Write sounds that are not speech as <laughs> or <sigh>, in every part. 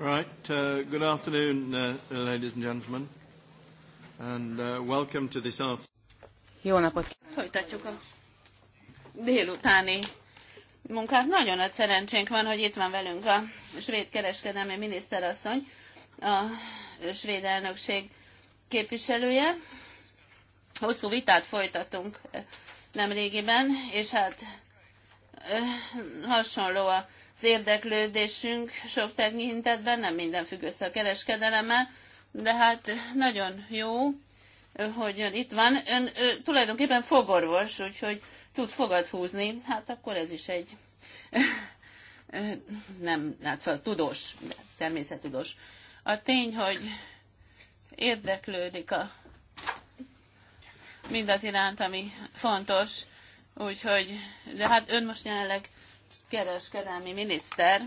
Right. Uh, good afternoon, uh, ladies and gentlemen, and uh, welcome to this afternoon. Jó napot! Folytatjuk a délutáni munkát. Nagyon nagy szerencsénk van, hogy itt van velünk a svéd kereskedelmi miniszterasszony, a svéd elnökség képviselője. Hosszú vitát folytatunk eh, nemrégiben, és hát hasonló az érdeklődésünk sok tekintetben, nem minden függ össze a kereskedelemmel, de hát nagyon jó, hogy ön itt van. Ön ő, tulajdonképpen fogorvos, úgyhogy tud fogad húzni. Hát akkor ez is egy nem, hát szóval tudós, de természettudós. A tény, hogy érdeklődik a mindaz iránt, ami fontos, Úgyhogy, de hát ön most jelenleg kereskedelmi miniszter,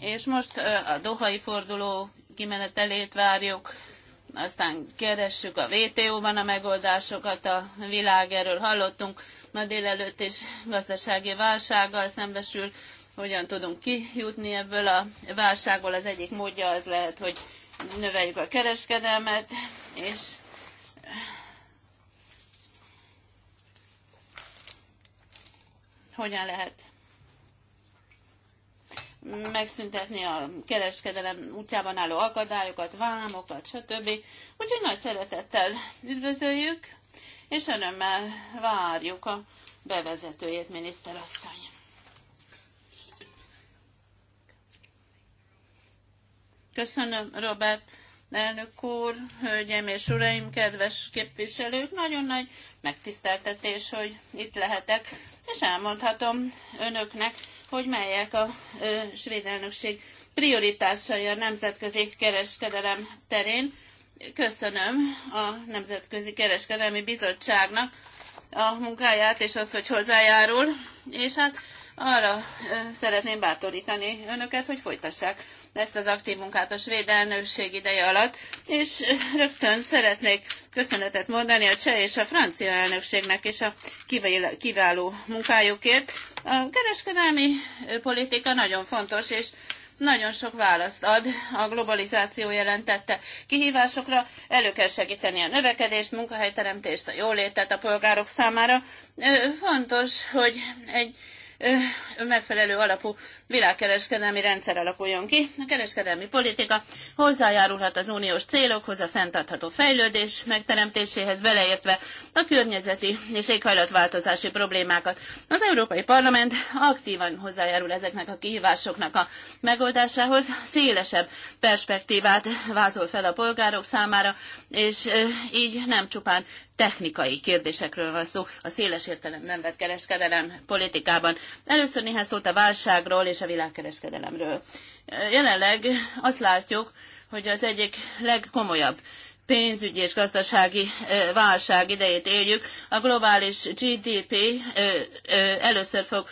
és most a dohai forduló kimenetelét várjuk, aztán keressük a WTO-ban a megoldásokat, a világ erről hallottunk, ma délelőtt is gazdasági válsággal szembesül, hogyan tudunk kijutni ebből a válságból. Az egyik módja az lehet, hogy növeljük a kereskedelmet, és hogyan lehet megszüntetni a kereskedelem útjában álló akadályokat, vámokat, stb. Úgyhogy nagy szeretettel üdvözöljük, és örömmel várjuk a bevezetőjét, miniszterasszony. Köszönöm, Robert. Elnök úr, hölgyem és uraim, kedves képviselők, nagyon nagy megtiszteltetés, hogy itt lehetek és elmondhatom önöknek, hogy melyek a ö, svéd elnökség prioritásai a nemzetközi kereskedelem terén. Köszönöm a Nemzetközi Kereskedelmi Bizottságnak a munkáját és az, hogy hozzájárul, és hát arra szeretném bátorítani önöket, hogy folytassák ezt az aktív munkát a svéd elnökség ideje alatt, és rögtön szeretnék köszönetet mondani a cseh és a francia elnökségnek és a kiváló munkájukért. A kereskedelmi politika nagyon fontos, és nagyon sok választ ad a globalizáció jelentette kihívásokra, elő kell segíteni a növekedést, munkahelyteremtést, a jólétet a polgárok számára. Fontos, hogy egy megfelelő alapú világkereskedelmi rendszer alakuljon ki. A kereskedelmi politika hozzájárulhat az uniós célokhoz, a fenntartható fejlődés megteremtéséhez beleértve a környezeti és éghajlatváltozási problémákat. Az Európai Parlament aktívan hozzájárul ezeknek a kihívásoknak a megoldásához, szélesebb perspektívát vázol fel a polgárok számára, és így nem csupán technikai kérdésekről van szó a széles nem vett kereskedelem politikában. Először néhány szót a válságról és a világkereskedelemről. Jelenleg azt látjuk, hogy az egyik legkomolyabb pénzügyi és gazdasági válság idejét éljük, a globális GDP először fog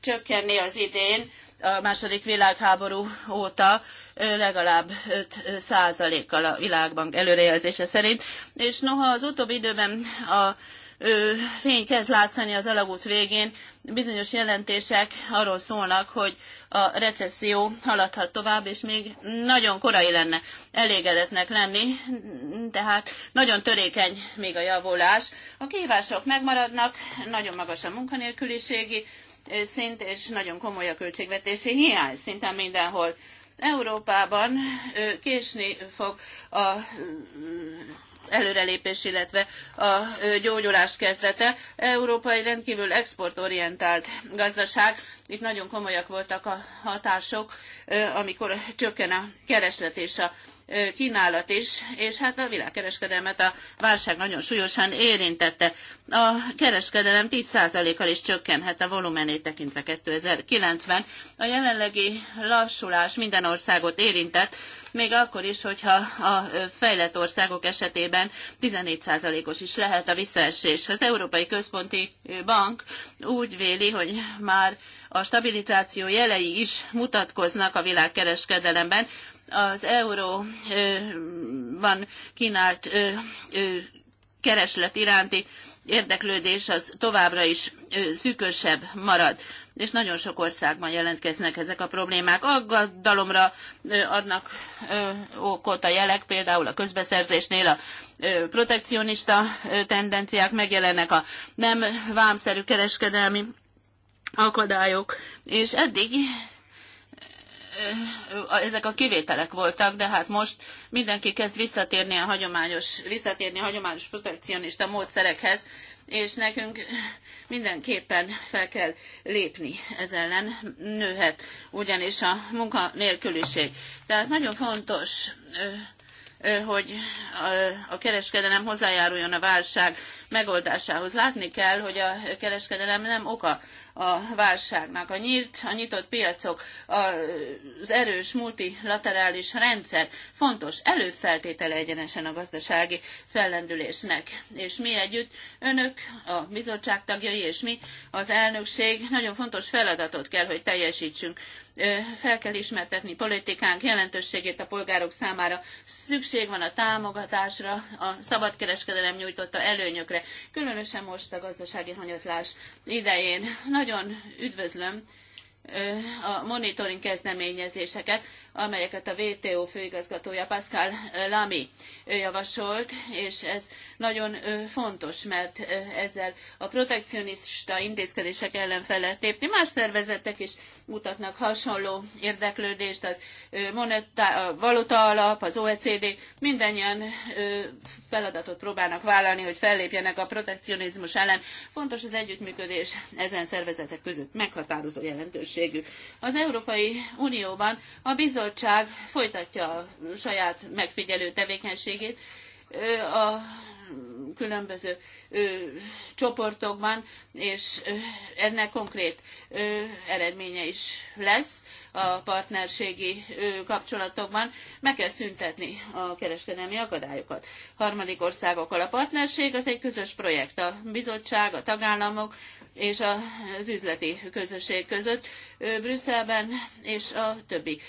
csökkenni az idén a második világháború óta legalább 5 százalékkal a világbank előrejelzése szerint. És noha az utóbbi időben a fény kezd látszani az alagút végén, bizonyos jelentések arról szólnak, hogy a recesszió haladhat tovább, és még nagyon korai lenne elégedetnek lenni, tehát nagyon törékeny még a javulás. A kihívások megmaradnak, nagyon magas a munkanélküliségi szint, és nagyon komoly a költségvetési hiány szinte mindenhol. Európában késni fog a előrelépés, illetve a gyógyulás kezdete. Európa egy rendkívül exportorientált gazdaság. Itt nagyon komolyak voltak a hatások, amikor csökken a kereslet és a kínálat is, és hát a világkereskedelmet a válság nagyon súlyosan érintette. A kereskedelem 10%-kal is csökkenhet a volumenét tekintve 2090. A jelenlegi lassulás minden országot érintett, még akkor is, hogyha a fejlett országok esetében 14%-os is lehet a visszaesés. Az Európai Központi Bank úgy véli, hogy már a stabilizáció jelei is mutatkoznak a világkereskedelemben, az euróban kínált kereslet iránti érdeklődés az továbbra is szűkösebb marad, és nagyon sok országban jelentkeznek ezek a problémák. Aggadalomra adnak okot a jelek, például a közbeszerzésnél a protekcionista tendenciák megjelennek, a nem vámszerű kereskedelmi akadályok, és eddig ezek a kivételek voltak, de hát most mindenki kezd visszatérni a hagyományos, visszatérni a hagyományos protekcionista módszerekhez, és nekünk mindenképpen fel kell lépni ez ellen, nőhet ugyanis a munkanélküliség. Tehát nagyon fontos hogy a kereskedelem hozzájáruljon a válság megoldásához. Látni kell, hogy a kereskedelem nem oka a válságnak. A nyílt, a nyitott piacok, az erős multilaterális rendszer fontos előfeltétele egyenesen a gazdasági fellendülésnek. És mi együtt, önök, a bizottság tagjai és mi, az elnökség nagyon fontos feladatot kell, hogy teljesítsünk fel kell ismertetni politikánk jelentőségét a polgárok számára. Szükség van a támogatásra, a szabadkereskedelem nyújtotta előnyökre, különösen most a gazdasági hanyatlás idején. Nagyon nagyon üdvözlöm a monitoring kezdeményezéseket, amelyeket a WTO főigazgatója Pascal Lamy javasolt, és ez nagyon fontos, mert ezzel a protekcionista intézkedések ellen fel lehet lépni. Más szervezetek is mutatnak hasonló érdeklődést, az monetá- a valuta alap, az OECD, mindannyian feladatot próbálnak vállalni, hogy fellépjenek a protekcionizmus ellen. Fontos az együttműködés ezen szervezetek között meghatározó jelentőségű. Az Európai Unióban a bizottság bizottság folytatja a saját megfigyelő tevékenységét a különböző csoportokban, és ennek konkrét eredménye is lesz a partnerségi kapcsolatokban. Meg kell szüntetni a kereskedelmi akadályokat. Harmadik országokkal a partnerség az egy közös projekt. A bizottság, a tagállamok, és az üzleti közösség között Brüsszelben és a többi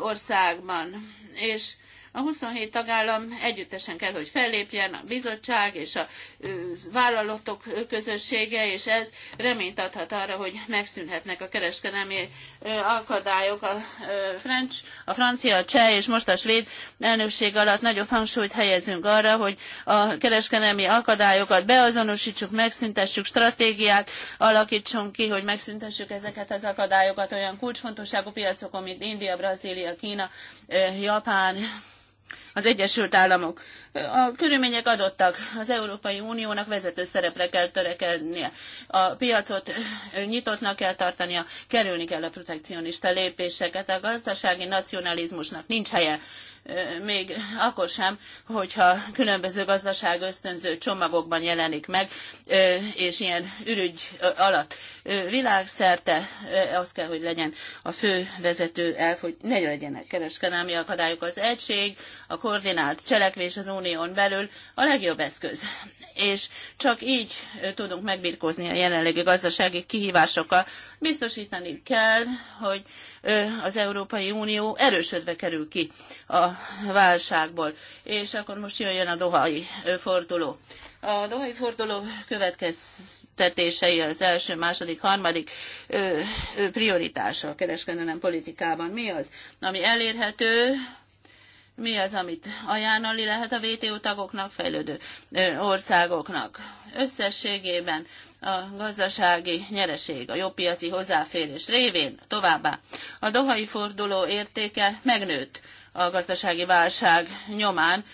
országban. És a 27 tagállam együttesen kell, hogy fellépjen a bizottság és a vállalatok közössége, és ez reményt adhat arra, hogy megszűnhetnek a kereskedelmi akadályok. A, French, a francia, a cseh és most a svéd elnökség alatt nagyobb hangsúlyt helyezünk arra, hogy a kereskedelmi akadályokat beazonosítsuk, megszüntessük, stratégiát alakítsunk ki, hogy megszüntessük ezeket az akadályokat olyan kulcsfontosságú piacokon, mint India, Brazília, Kína, Japán, az Egyesült Államok. A körülmények adottak, az Európai Uniónak vezető szerepre kell törekednie. A piacot nyitottnak kell tartania, kerülni kell a protekcionista lépéseket. A gazdasági nacionalizmusnak nincs helye még akkor sem, hogyha különböző gazdaság ösztönző csomagokban jelenik meg, és ilyen ürügy alatt világszerte az kell, hogy legyen a fő vezető elf, hogy ne legyenek kereskedelmi akadályok. Az egység, a koordinált cselekvés az unión belül a legjobb eszköz. És csak így tudunk megbirkózni a jelenlegi gazdasági kihívásokkal. Biztosítani kell, hogy az Európai Unió erősödve kerül ki a válságból. És akkor most jöjjön a dohai forduló. A dohai forduló következtetései az első, második, harmadik ö, ö, prioritása a kereskedelem politikában. Mi az, ami elérhető, mi az, amit ajánlani lehet a WTO tagoknak, fejlődő országoknak. Összességében a gazdasági nyereség, a jobb piaci hozzáférés révén továbbá a dohai forduló értéke megnőtt a gazdasági válság nyomán,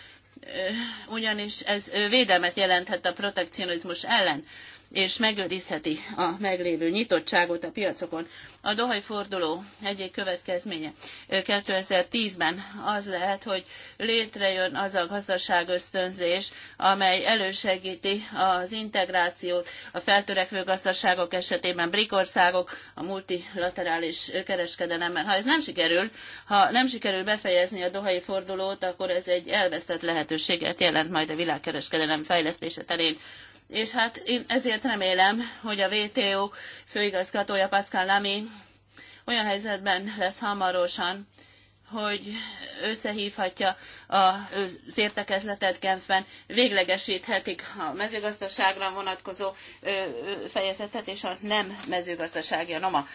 ugyanis ez védelmet jelenthet a protekcionizmus ellen és megőrizheti a meglévő nyitottságot a piacokon. A Dohai forduló egyik következménye 2010-ben az lehet, hogy létrejön az a gazdaságösztönzés, amely elősegíti az integrációt a feltörekvő gazdaságok esetében, brikországok a multilaterális kereskedelemmel. Ha ez nem sikerül, ha nem sikerül befejezni a Dohai fordulót, akkor ez egy elvesztett lehetőséget jelent majd a világkereskedelem fejlesztése terén és hát én ezért remélem, hogy a WTO főigazgatója Pascal Lamy olyan helyzetben lesz hamarosan, hogy összehívhatja az értekezletet Genfben, véglegesíthetik a mezőgazdaságra vonatkozó fejezetet és a nem mezőgazdasági, a NOMA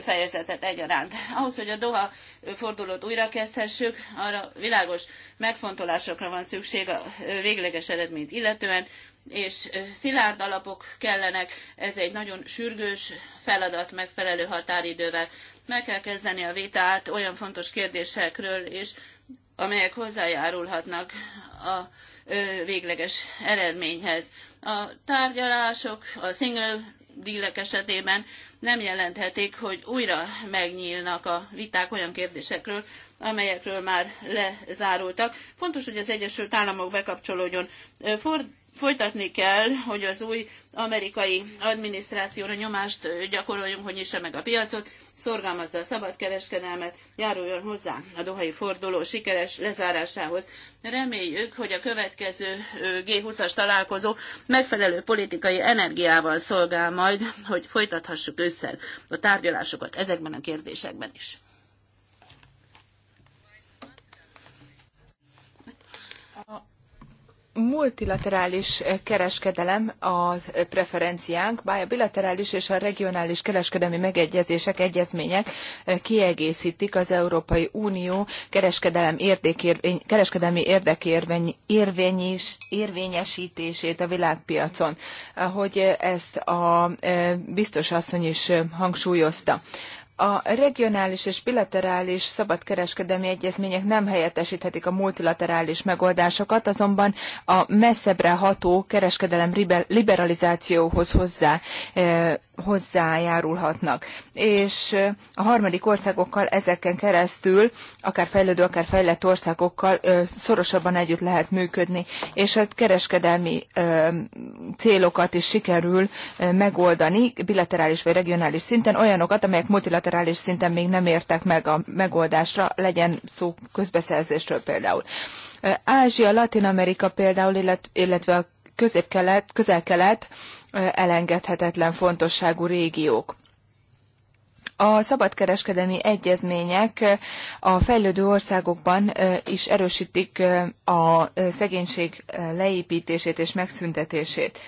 fejezetet egyaránt. Ahhoz, hogy a Doha fordulót újrakezdhessük, arra világos megfontolásokra van szükség a végleges eredményt illetően, és szilárd alapok kellenek, ez egy nagyon sürgős feladat megfelelő határidővel. Meg kell kezdeni a vitát olyan fontos kérdésekről is, amelyek hozzájárulhatnak a végleges eredményhez. A tárgyalások a single dílek esetében nem jelenthetik, hogy újra megnyílnak a viták olyan kérdésekről, amelyekről már lezárultak. Fontos, hogy az Egyesült Államok bekapcsolódjon. Ford folytatni kell, hogy az új amerikai adminisztrációra nyomást gyakoroljunk, hogy nyissa meg a piacot, szorgalmazza a szabadkereskedelmet, járuljon hozzá a dohai forduló sikeres lezárásához. Reméljük, hogy a következő G20-as találkozó megfelelő politikai energiával szolgál majd, hogy folytathassuk ősszel a tárgyalásokat ezekben a kérdésekben is. multilaterális kereskedelem a preferenciánk, bár a bilaterális és a regionális kereskedelmi megegyezések, egyezmények kiegészítik az Európai Unió kereskedelem érdekérvény, kereskedelmi érdekérvény, érvényis, érvényesítését a világpiacon, ahogy ezt a e, biztos asszony is hangsúlyozta a regionális és bilaterális szabadkereskedelmi egyezmények nem helyettesíthetik a multilaterális megoldásokat, azonban a messzebbre ható kereskedelem liberalizációhoz hozzá eh, hozzájárulhatnak. És a harmadik országokkal ezeken keresztül, akár fejlődő, akár fejlett országokkal szorosabban együtt lehet működni, és a hát kereskedelmi célokat is sikerül megoldani bilaterális vagy regionális szinten, olyanokat, amelyek multilaterális szinten még nem értek meg a megoldásra, legyen szó közbeszerzésről például. Ázsia, Latin Amerika például, illetve a közép-kelet, közel-kelet elengedhetetlen fontosságú régiók. A szabadkereskedelmi egyezmények a fejlődő országokban is erősítik a szegénység leépítését és megszüntetését.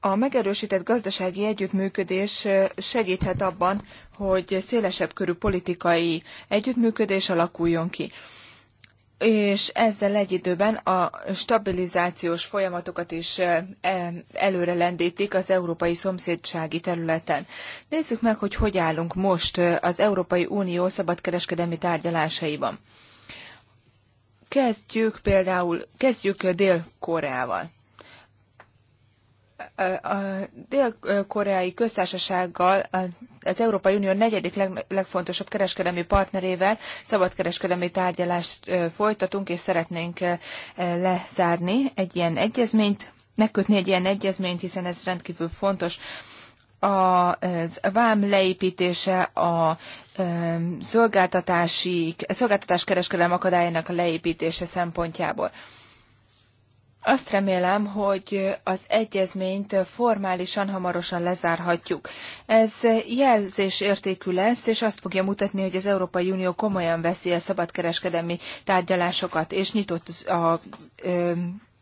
A megerősített gazdasági együttműködés segíthet abban, hogy szélesebb körű politikai együttműködés alakuljon ki és ezzel egy időben a stabilizációs folyamatokat is e, előre lendítik az európai szomszédsági területen. Nézzük meg, hogy hogy állunk most az Európai Unió szabadkereskedelmi tárgyalásaiban. Kezdjük például, kezdjük Dél-Koreával a dél-koreai köztársasággal, az Európai Unió negyedik legfontosabb kereskedelmi partnerével szabadkereskedelmi tárgyalást folytatunk, és szeretnénk lezárni egy ilyen egyezményt, megkötni egy ilyen egyezményt, hiszen ez rendkívül fontos. A vám leépítése, a szolgáltatási, szolgáltatáskereskedelem akadályának a leépítése szempontjából. Azt remélem, hogy az egyezményt formálisan hamarosan lezárhatjuk. Ez jelzés értékű lesz, és azt fogja mutatni, hogy az Európai Unió komolyan veszi a szabadkereskedelmi tárgyalásokat, és nyitott a, a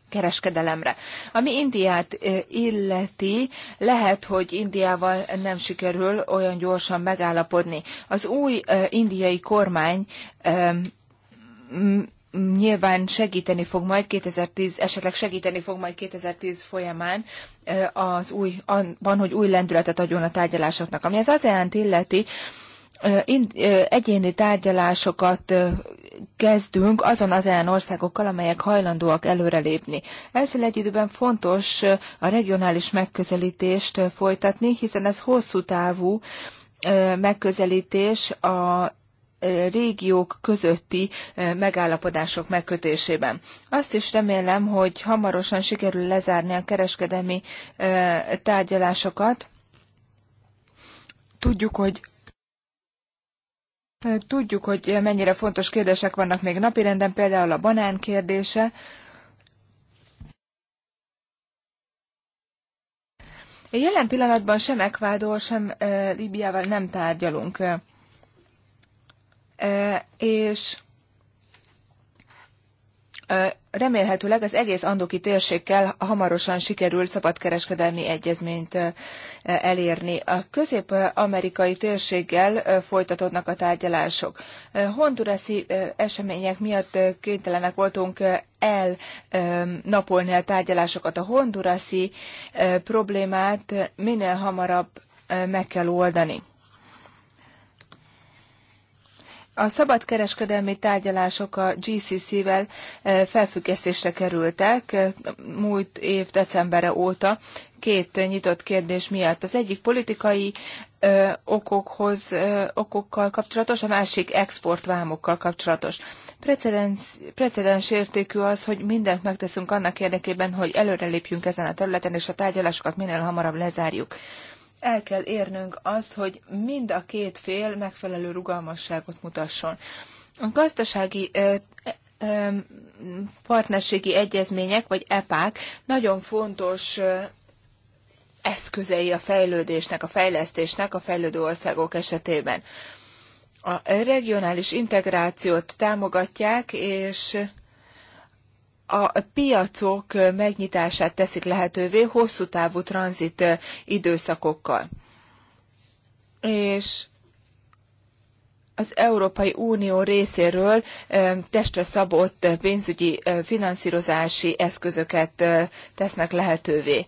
kereskedelemre. Ami Indiát illeti, lehet, hogy Indiával nem sikerül olyan gyorsan megállapodni. Az új indiai kormány nyilván segíteni fog majd 2010, esetleg segíteni fog majd 2010 folyamán az új, van, hogy új lendületet adjon a tárgyalásoknak. Ami az ASEAN-t illeti, egyéni tárgyalásokat kezdünk azon az olyan országokkal, amelyek hajlandóak előrelépni. Ezzel egy időben fontos a regionális megközelítést folytatni, hiszen ez hosszú távú megközelítés a régiók közötti megállapodások megkötésében. Azt is remélem, hogy hamarosan sikerül lezárni a kereskedelmi tárgyalásokat. Tudjuk, hogy Tudjuk, hogy mennyire fontos kérdések vannak még napirenden, például a banán kérdése. Jelen pillanatban sem Ekvádor, sem Líbiával nem tárgyalunk és remélhetőleg az egész andoki térségkel hamarosan sikerül szabadkereskedelmi egyezményt elérni. A közép-amerikai térséggel folytatódnak a tárgyalások. Hondurasi események miatt kénytelenek voltunk elnapolni a tárgyalásokat. A hondurasi problémát minél hamarabb meg kell oldani. A szabadkereskedelmi tárgyalások a GCC-vel e, felfüggesztésre kerültek e, múlt év decembere óta két nyitott kérdés miatt. Az egyik politikai ö, e, okokhoz, ö, okokkal kapcsolatos, a másik exportvámokkal kapcsolatos. Precedens, precedens értékű az, hogy mindent megteszünk annak érdekében, hogy előrelépjünk ezen a területen, és a tárgyalásokat minél hamarabb lezárjuk el kell érnünk azt, hogy mind a két fél megfelelő rugalmasságot mutasson. A gazdasági partnerségi egyezmények, vagy EPÁK nagyon fontos eszközei a fejlődésnek, a fejlesztésnek a fejlődő országok esetében. A regionális integrációt támogatják, és a piacok megnyitását teszik lehetővé hosszú távú tranzit időszakokkal. És az Európai Unió részéről testre szabott pénzügyi finanszírozási eszközöket tesznek lehetővé.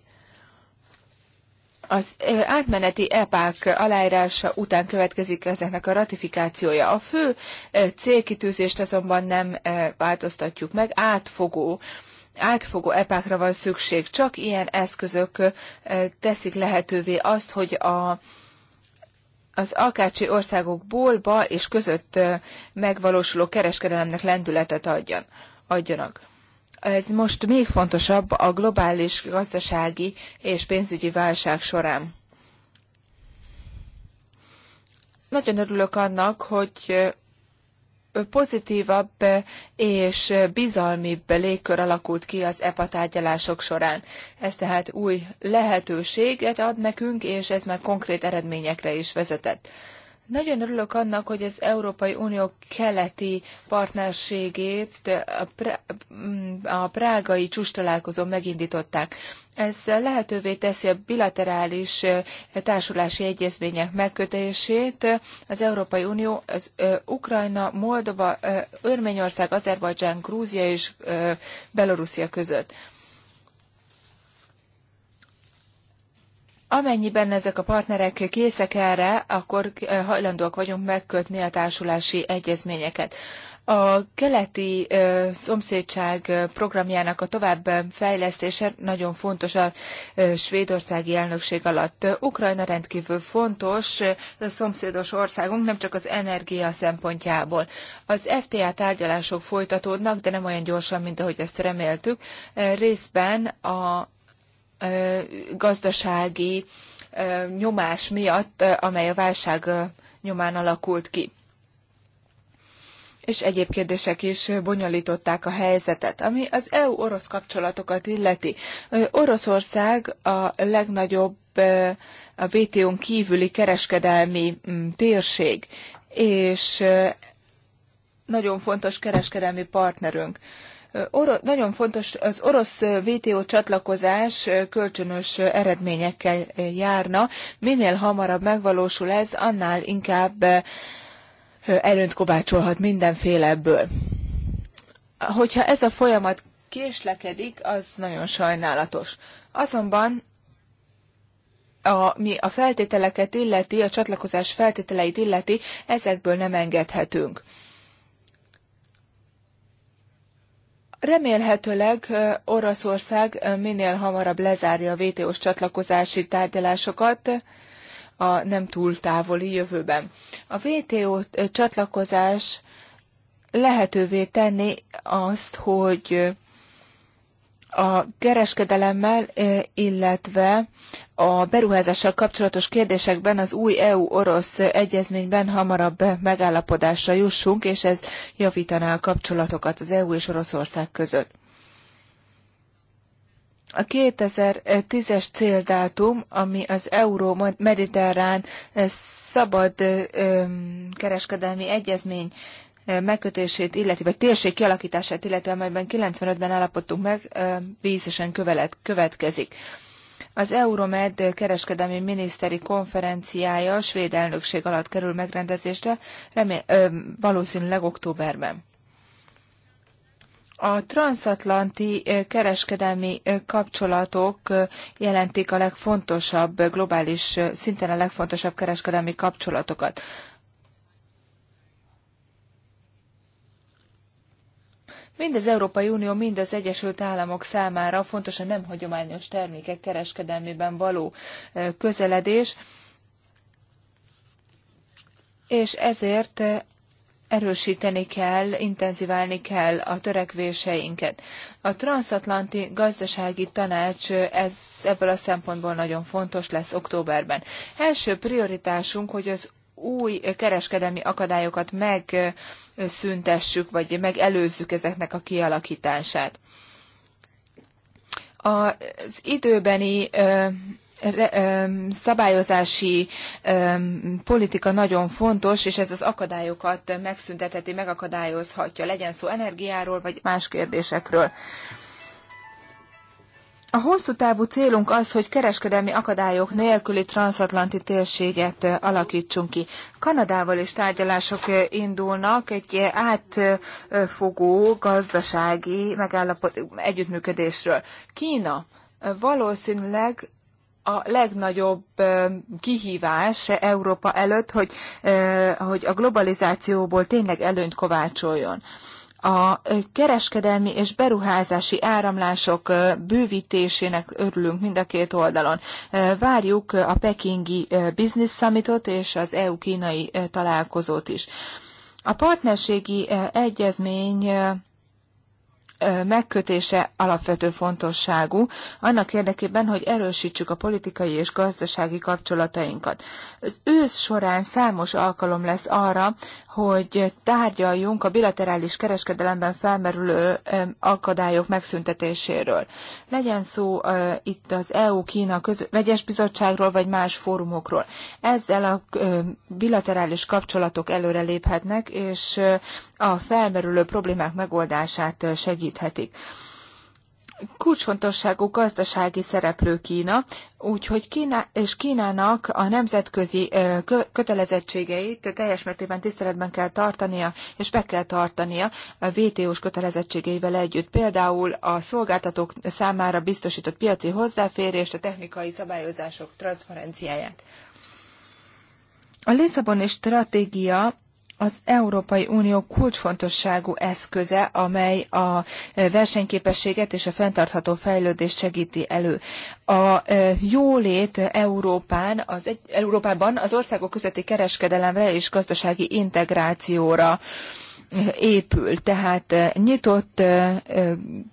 Az átmeneti EPÁK aláírása után következik ezeknek a ratifikációja. A fő célkitűzést azonban nem változtatjuk meg, átfogó átfogó epákra van szükség. Csak ilyen eszközök teszik lehetővé azt, hogy a, az akácsi országokból ba és között megvalósuló kereskedelemnek lendületet adjan, adjanak. Ez most még fontosabb a globális gazdasági és pénzügyi válság során. Nagyon örülök annak, hogy pozitívabb és bizalmibb légkör alakult ki az EPA tárgyalások során. Ez tehát új lehetőséget ad nekünk, és ez már konkrét eredményekre is vezetett. Nagyon örülök annak, hogy az Európai Unió keleti partnerségét mm, a prágai csústalálkozón megindították. Ez lehetővé teszi a bilaterális társulási egyezmények megkötését. Az Európai Unió, az Ukrajna, Moldova, Örményország, Azerbajdzsán, Grúzia és Belorusszia között. Amennyiben ezek a partnerek készek erre, akkor eh, hajlandóak vagyunk megkötni a társulási egyezményeket. A keleti ö, eh, szomszédság eh, programjának a tovább fejlesztése nagyon fontos a ö, svédországi elnökség alatt. Ukrajna rendkívül fontos ö, szomszédos országunk, nem csak az energia szempontjából. Az FTA tárgyalások folytatódnak, de nem olyan gyorsan, mint ahogy ezt reméltük. Részben a gazdasági nyomás miatt, amely a válság nyomán alakult ki. És egyéb kérdések is bonyolították a helyzetet, ami az EU-orosz kapcsolatokat illeti. Oroszország a legnagyobb a WTO-n kívüli kereskedelmi mm, térség, és nagyon fontos kereskedelmi partnerünk. Oro- nagyon fontos, az orosz VTO csatlakozás kölcsönös eredményekkel járna. Minél hamarabb megvalósul ez, annál inkább előnyt kovácsolhat mindenféle ebből. Hogyha ez a folyamat késlekedik, az nagyon sajnálatos. Azonban a, mi a feltételeket illeti, a csatlakozás feltételeit illeti, ezekből nem engedhetünk. Remélhetőleg Oroszország minél hamarabb lezárja a WTO-s csatlakozási tárgyalásokat a nem túl távoli jövőben. A WTO csatlakozás lehetővé tenni azt, hogy a kereskedelemmel, e, illetve a beruházással kapcsolatos kérdésekben az új EU-orosz egyezményben hamarabb megállapodásra jussunk, és ez javítaná a kapcsolatokat az EU és Oroszország között. A 2010-es céldátum, ami az Euró-Mediterrán szabad kereskedelmi egyezmény megkötését illeti, vagy térség kialakítását illeti, amelyben 95-ben állapodtunk meg, vízesen követ, következik. Az Euromed kereskedelmi miniszteri konferenciája a svéd elnökség alatt kerül megrendezésre, remél, ö, valószínűleg októberben. A transatlanti kereskedelmi kapcsolatok jelentik a legfontosabb globális szinten a legfontosabb kereskedelmi kapcsolatokat. Mind az Európai Unió, mind az Egyesült Államok számára fontos a nem hagyományos termékek kereskedelmében való közeledés, és ezért erősíteni kell, intenziválni kell a törekvéseinket. A transatlanti gazdasági tanács ez ebből a szempontból nagyon fontos lesz októberben. Első prioritásunk, hogy az új kereskedelmi akadályokat megszüntessük, vagy megelőzzük ezeknek a kialakítását. Az időbeni szabályozási politika nagyon fontos, és ez az akadályokat megszüntetheti, megakadályozhatja, legyen szó energiáról, vagy más kérdésekről. A hosszú távú célunk az, hogy kereskedelmi akadályok nélküli transatlanti térséget alakítsunk ki. Kanadával is tárgyalások indulnak egy átfogó gazdasági megállapot együttműködésről. Kína valószínűleg a legnagyobb kihívás Európa előtt, hogy, hogy a globalizációból tényleg előnyt kovácsoljon. A kereskedelmi és beruházási áramlások bővítésének örülünk mind a két oldalon. Várjuk a pekingi Business Summitot és az EU-kínai találkozót is. A partnerségi egyezmény megkötése alapvető fontosságú, annak érdekében, hogy erősítsük a politikai és gazdasági kapcsolatainkat. Az ősz során számos alkalom lesz arra, hogy tárgyaljunk a bilaterális kereskedelemben felmerülő akadályok megszüntetéséről. Legyen szó itt az EU-Kína vegyes bizottságról, vagy más fórumokról. Ezzel a bilaterális kapcsolatok előreléphetnek, és a felmerülő problémák megoldását segíthetik kulcsfontosságú gazdasági szereplő Kína, úgyhogy Kína és Kínának a nemzetközi kötelezettségeit teljes mértékben tiszteletben kell tartania, és be kell tartania a WTO-s kötelezettségeivel együtt. Például a szolgáltatók számára biztosított piaci hozzáférést, a technikai szabályozások transzferenciáját. A Lisszaboni stratégia az Európai Unió kulcsfontosságú eszköze, amely a e, versenyképességet és a fenntartható fejlődést segíti elő. A e, jólét Európán, az egy, Európában az országok közötti kereskedelemre és gazdasági integrációra e, épül, tehát nyitott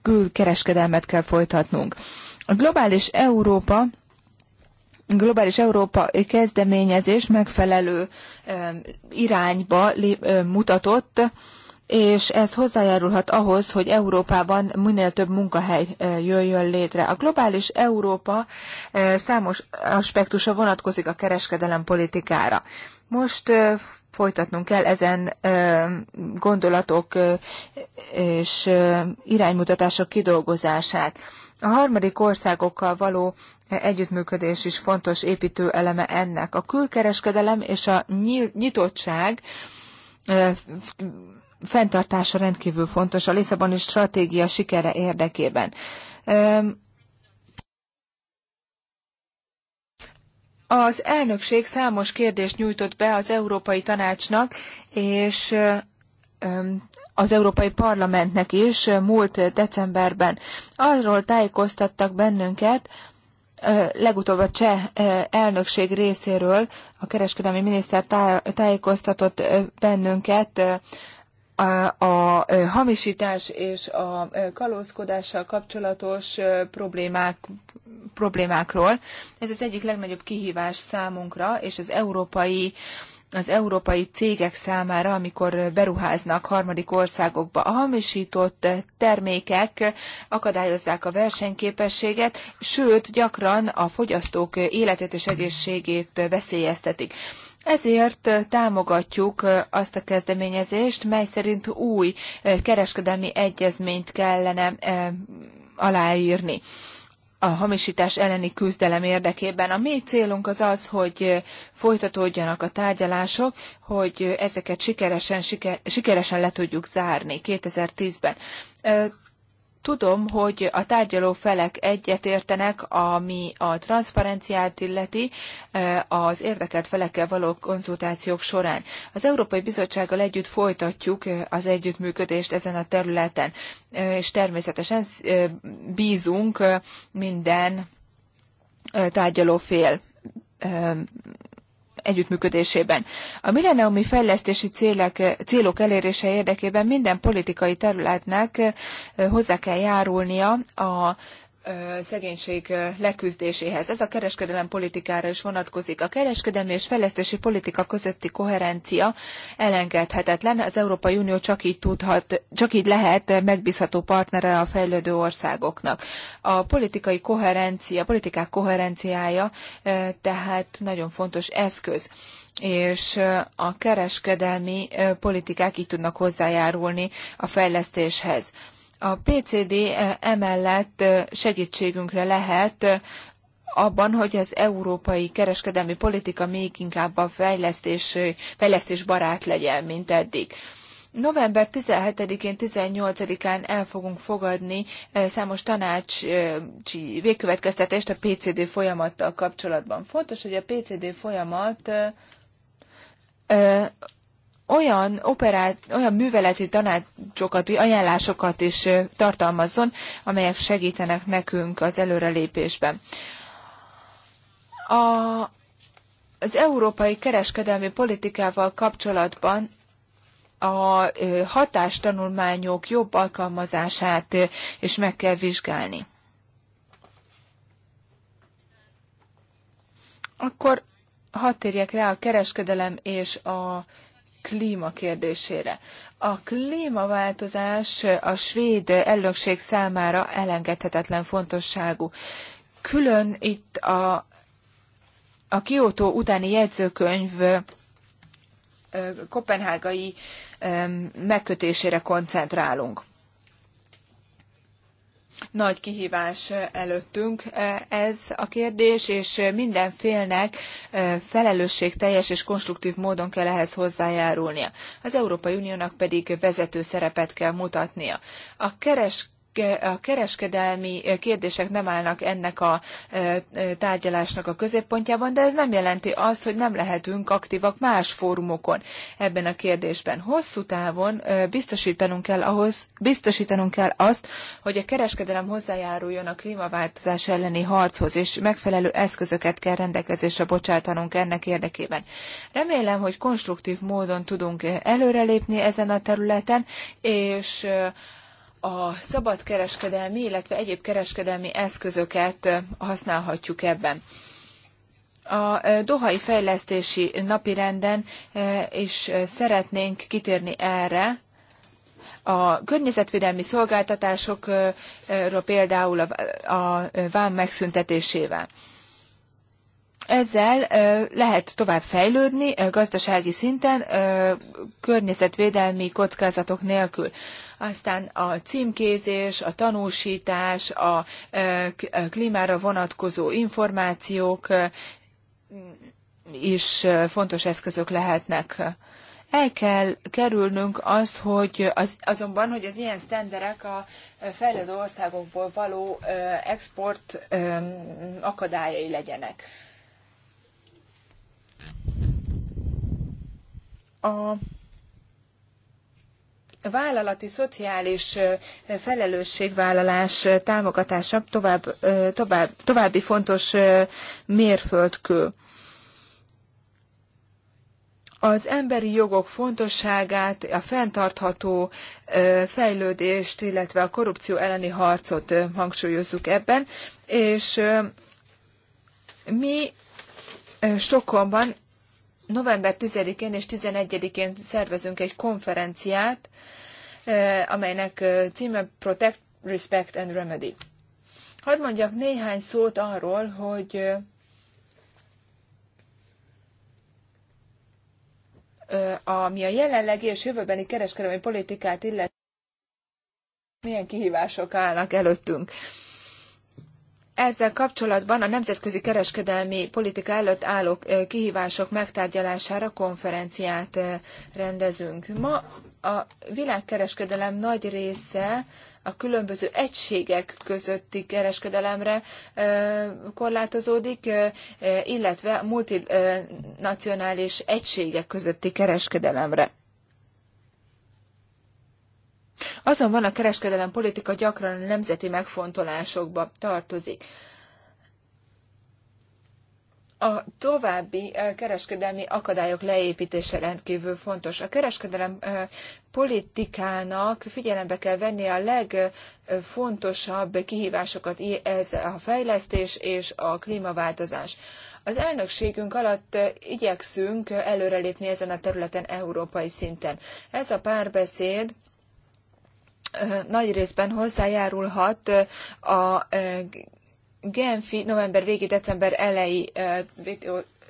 külkereskedelmet kell folytatnunk. A globális Európa Globális Európa kezdeményezés megfelelő irányba mutatott, és ez hozzájárulhat ahhoz, hogy Európában minél több munkahely jöjjön létre. A globális Európa számos aspektusa vonatkozik a kereskedelem politikára. Most folytatnunk kell ezen gondolatok és iránymutatások kidolgozását. A harmadik országokkal való együttműködés is fontos építő eleme ennek. A külkereskedelem és a nyitottság fenntartása rendkívül fontos a Lisszaboni stratégia sikere érdekében. Az elnökség számos kérdést nyújtott be az Európai Tanácsnak, és az Európai Parlamentnek is múlt decemberben. Arról tájékoztattak bennünket, legutóbb a cseh elnökség részéről a kereskedelmi miniszter tájékoztatott bennünket a, hamisítás és a kalózkodással kapcsolatos problémák, problémákról. Ez az egyik legnagyobb kihívás számunkra, és az európai az európai cégek számára, amikor beruháznak harmadik országokba. A hamisított termékek akadályozzák a versenyképességet, sőt, gyakran a fogyasztók életét és egészségét veszélyeztetik. Ezért támogatjuk azt a kezdeményezést, mely szerint új kereskedelmi egyezményt kellene eh, aláírni a hamisítás elleni küzdelem érdekében. A mi célunk az az, hogy folytatódjanak a tárgyalások, hogy ezeket sikeresen, siker, sikeresen le tudjuk zárni 2010-ben. Tudom, hogy a tárgyaló felek egyetértenek, ami a transzparenciát illeti az érdekelt felekkel való konzultációk során. Az Európai Bizottsággal együtt folytatjuk az együttműködést ezen a területen, és természetesen bízunk minden tárgyaló fél együttműködésében. A millenniumi fejlesztési célok, célok elérése érdekében minden politikai területnek eh, hozzá kell járulnia a szegénység leküzdéséhez. Ez a kereskedelem politikára is vonatkozik. A kereskedelmi és fejlesztési politika közötti koherencia elengedhetetlen. Az Európai Unió csak így tudhat, csak így lehet megbízható partnere a fejlődő országoknak. A politikai koherencia, a politikák koherenciája tehát nagyon fontos eszköz és a kereskedelmi politikák így tudnak hozzájárulni a fejlesztéshez. A PCD eh, emellett eh, segítségünkre lehet eh, abban, hogy az európai kereskedelmi politika még inkább a fejlesztés, fejlesztés barát legyen, mint eddig. November 17-én, 18-án el fogunk fogadni számos tanácsi végkövetkeztetést a PCD folyamattal kapcsolatban. Fontos, hogy a PCD folyamat olyan, operát, olyan műveleti tanácsokat, új ajánlásokat is tartalmazzon, amelyek segítenek nekünk az előrelépésben. A, az európai kereskedelmi politikával kapcsolatban a hatástanulmányok jobb alkalmazását is meg kell vizsgálni. Akkor hadd térjek rá a kereskedelem és a klíma kérdésére. A klímaváltozás a svéd elnökség számára elengedhetetlen fontosságú. Külön itt a, a Kyoto utáni jegyzőkönyv kopenhágai megkötésére koncentrálunk nagy kihívás előttünk ez a kérdés, és minden félnek felelősségteljes és konstruktív módon kell ehhez hozzájárulnia. Az Európai Uniónak pedig vezető szerepet kell mutatnia. A keres a kereskedelmi kérdések nem állnak ennek a tárgyalásnak a középpontjában, de ez nem jelenti azt, hogy nem lehetünk aktívak más fórumokon ebben a kérdésben. Hosszú távon biztosítanunk kell, ahhoz, biztosítanunk kell azt, hogy a kereskedelem hozzájáruljon a klímaváltozás elleni harchoz, és megfelelő eszközöket kell rendelkezésre bocsátanunk ennek érdekében. Remélem, hogy konstruktív módon tudunk előrelépni ezen a területen, és a szabadkereskedelmi, illetve egyéb kereskedelmi eszközöket használhatjuk ebben. A Dohai fejlesztési napirenden is szeretnénk kitérni erre, a környezetvédelmi szolgáltatásokról például a vám megszüntetésével. Ezzel lehet tovább fejlődni gazdasági szinten, környezetvédelmi kockázatok nélkül. Aztán a címkézés, a tanúsítás, a klímára vonatkozó információk is fontos eszközök lehetnek. El kell kerülnünk azt, hogy az, azonban, hogy az ilyen sztenderek a fejlődő országokból való export akadályai legyenek. A vállalati szociális felelősségvállalás támogatása tovább, tovább, további fontos mérföldkő. Az emberi jogok fontosságát, a fenntartható fejlődést, illetve a korrupció elleni harcot hangsúlyozzuk ebben, és mi Stockholmban november 10-én és 11-én szervezünk egy konferenciát, amelynek címe Protect, Respect and Remedy. Hadd mondjak néhány szót arról, hogy ami a jelenlegi és jövőbeni kereskedelmi politikát illet, milyen kihívások állnak előttünk ezzel kapcsolatban a nemzetközi kereskedelmi politika előtt álló kihívások megtárgyalására konferenciát rendezünk. Ma a világkereskedelem nagy része a különböző egységek közötti kereskedelemre korlátozódik, illetve multinacionális egységek közötti kereskedelemre. Azonban a kereskedelem politika gyakran nemzeti megfontolásokba tartozik. A további kereskedelmi akadályok leépítése rendkívül fontos. A kereskedelem politikának figyelembe kell venni a legfontosabb kihívásokat, ez a fejlesztés és a klímaváltozás. Az elnökségünk alatt igyekszünk előrelépni ezen a területen európai szinten. Ez a párbeszéd nagy részben hozzájárulhat a Genfi november végi, december elejé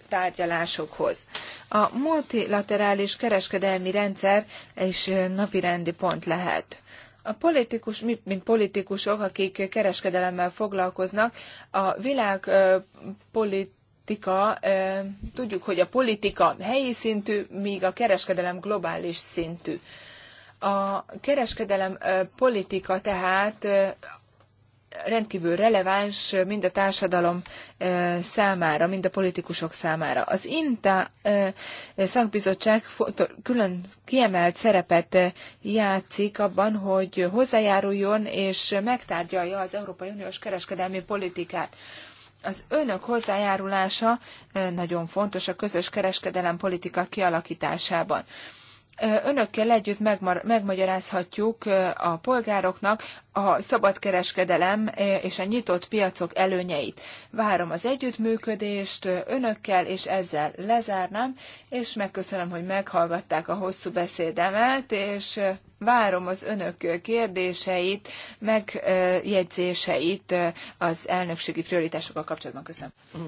tárgyalásokhoz. A multilaterális kereskedelmi rendszer is napirendi pont lehet. A politikus, mi, mint politikusok, akik kereskedelemmel foglalkoznak, a világ politika, tudjuk, hogy a politika helyi szintű, míg a kereskedelem globális szintű. A kereskedelem politika tehát rendkívül releváns mind a társadalom számára, mind a politikusok számára. Az INTA szakbizottság külön kiemelt szerepet játszik abban, hogy hozzájáruljon és megtárgyalja az Európai Uniós kereskedelmi politikát. Az önök hozzájárulása nagyon fontos a közös kereskedelem politika kialakításában önökkel együtt megmagyarázhatjuk a polgároknak a szabadkereskedelem és a nyitott piacok előnyeit. Várom az együttműködést önökkel, és ezzel lezárnám, és megköszönöm, hogy meghallgatták a hosszú beszédemet, és várom az önök kérdéseit, megjegyzéseit az elnökségi prioritásokkal kapcsolatban. Köszönöm. Mm.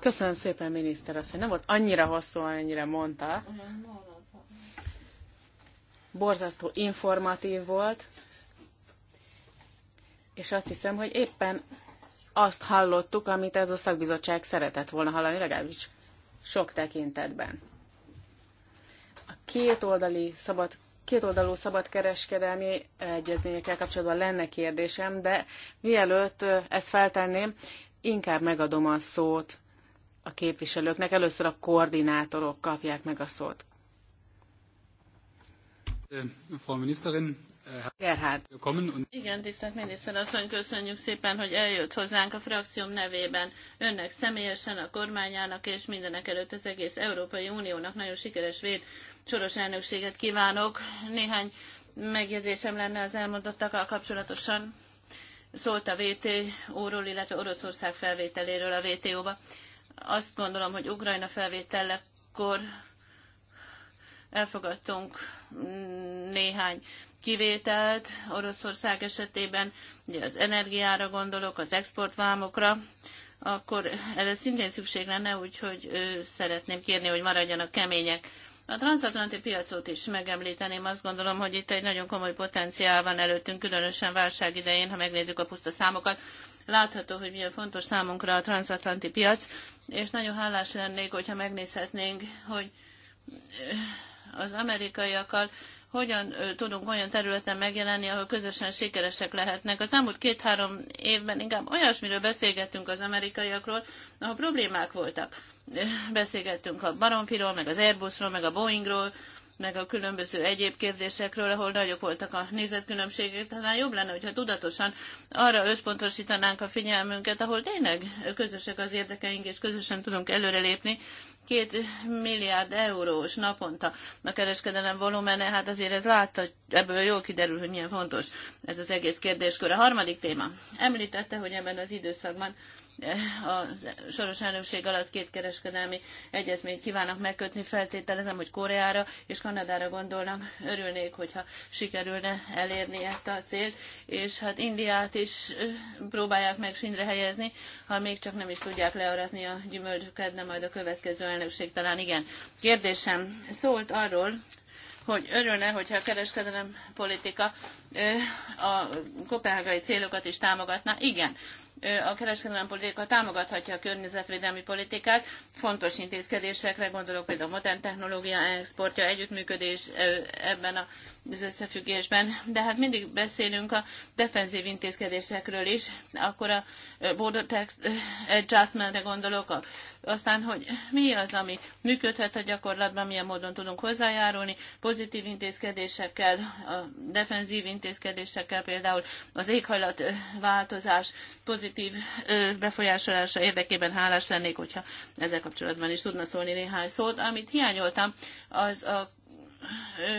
Köszönöm szépen, miniszter asszony. Nem volt annyira hosszú, annyira mondta. Borzasztó informatív volt, és azt hiszem, hogy éppen azt hallottuk, amit ez a szakbizottság szeretett volna hallani, legalábbis sok tekintetben. A kétoldali szabad kétoldalú szabadkereskedelmi egyezményekkel kapcsolatban lenne kérdésem, de mielőtt ezt feltenném, inkább megadom a szót a képviselőknek. Először a koordinátorok kapják meg a szót. Frau Ministerin, Gerhard. Igen, tisztelt miniszter asszony, köszönjük szépen, hogy eljött hozzánk a frakcióm nevében. Önnek személyesen, a kormányának és mindenek előtt az egész Európai Uniónak nagyon sikeres véd soros elnökséget kívánok. Néhány megjegyzésem lenne az elmondottakkal kapcsolatosan. Szólt a WTO-ról, illetve Oroszország felvételéről a WTO-ba. Azt gondolom, hogy Ukrajna felvételekor elfogadtunk néhány kivételt Oroszország esetében, ugye az energiára gondolok, az exportvámokra, akkor erre szintén szükség lenne, úgyhogy szeretném kérni, hogy maradjanak kemények a transatlanti piacot is megemlíteném, azt gondolom, hogy itt egy nagyon komoly potenciál van előttünk, különösen válság idején, ha megnézzük a puszta számokat. Látható, hogy milyen fontos számunkra a transatlanti piac, és nagyon hálás lennék, hogyha megnézhetnénk, hogy az amerikaiakkal hogyan tudunk olyan területen megjelenni, ahol közösen sikeresek lehetnek. Az elmúlt két-három évben inkább olyasmiről beszélgettünk az amerikaiakról, ahol problémák voltak. Beszélgettünk a Baromfiról, meg az Airbusról, meg a Boeingról, meg a különböző egyéb kérdésekről, ahol nagyok voltak a nézetkülönbségek. Talán jobb lenne, hogyha tudatosan arra összpontosítanánk a figyelmünket, ahol tényleg közösek az érdekeink, és közösen tudunk előrelépni, két milliárd eurós naponta a kereskedelem volumene, hát azért ez látta, ebből jól kiderül, hogy milyen fontos ez az egész kérdéskör. A harmadik téma. Említette, hogy ebben az időszakban a soros elnökség alatt két kereskedelmi egyezményt kívánnak megkötni. Feltételezem, hogy Koreára és Kanadára gondolnak. Örülnék, hogyha sikerülne elérni ezt a célt, és hát Indiát is próbálják meg sindre helyezni, ha még csak nem is tudják learatni a gyümölcsöket, de majd a következő elnökség talán igen. Kérdésem szólt arról, hogy örülne, hogyha a kereskedelem politika a kopenhágai célokat is támogatná. Igen, a kereskedelmi politika támogathatja a környezetvédelmi politikát. Fontos intézkedésekre gondolok például a modern technológia exportja, együttműködés ebben az összefüggésben. De hát mindig beszélünk a defenzív intézkedésekről is, akkor a border tax adjustmentre gondolok, aztán, hogy mi az, ami működhet a gyakorlatban, milyen módon tudunk hozzájárulni, pozitív intézkedésekkel, a defenzív intézkedésekkel, például az éghajlatváltozás pozitív pozitív befolyásolása érdekében hálás lennék, hogyha ezzel kapcsolatban is tudna szólni néhány szót. Amit hiányoltam, az a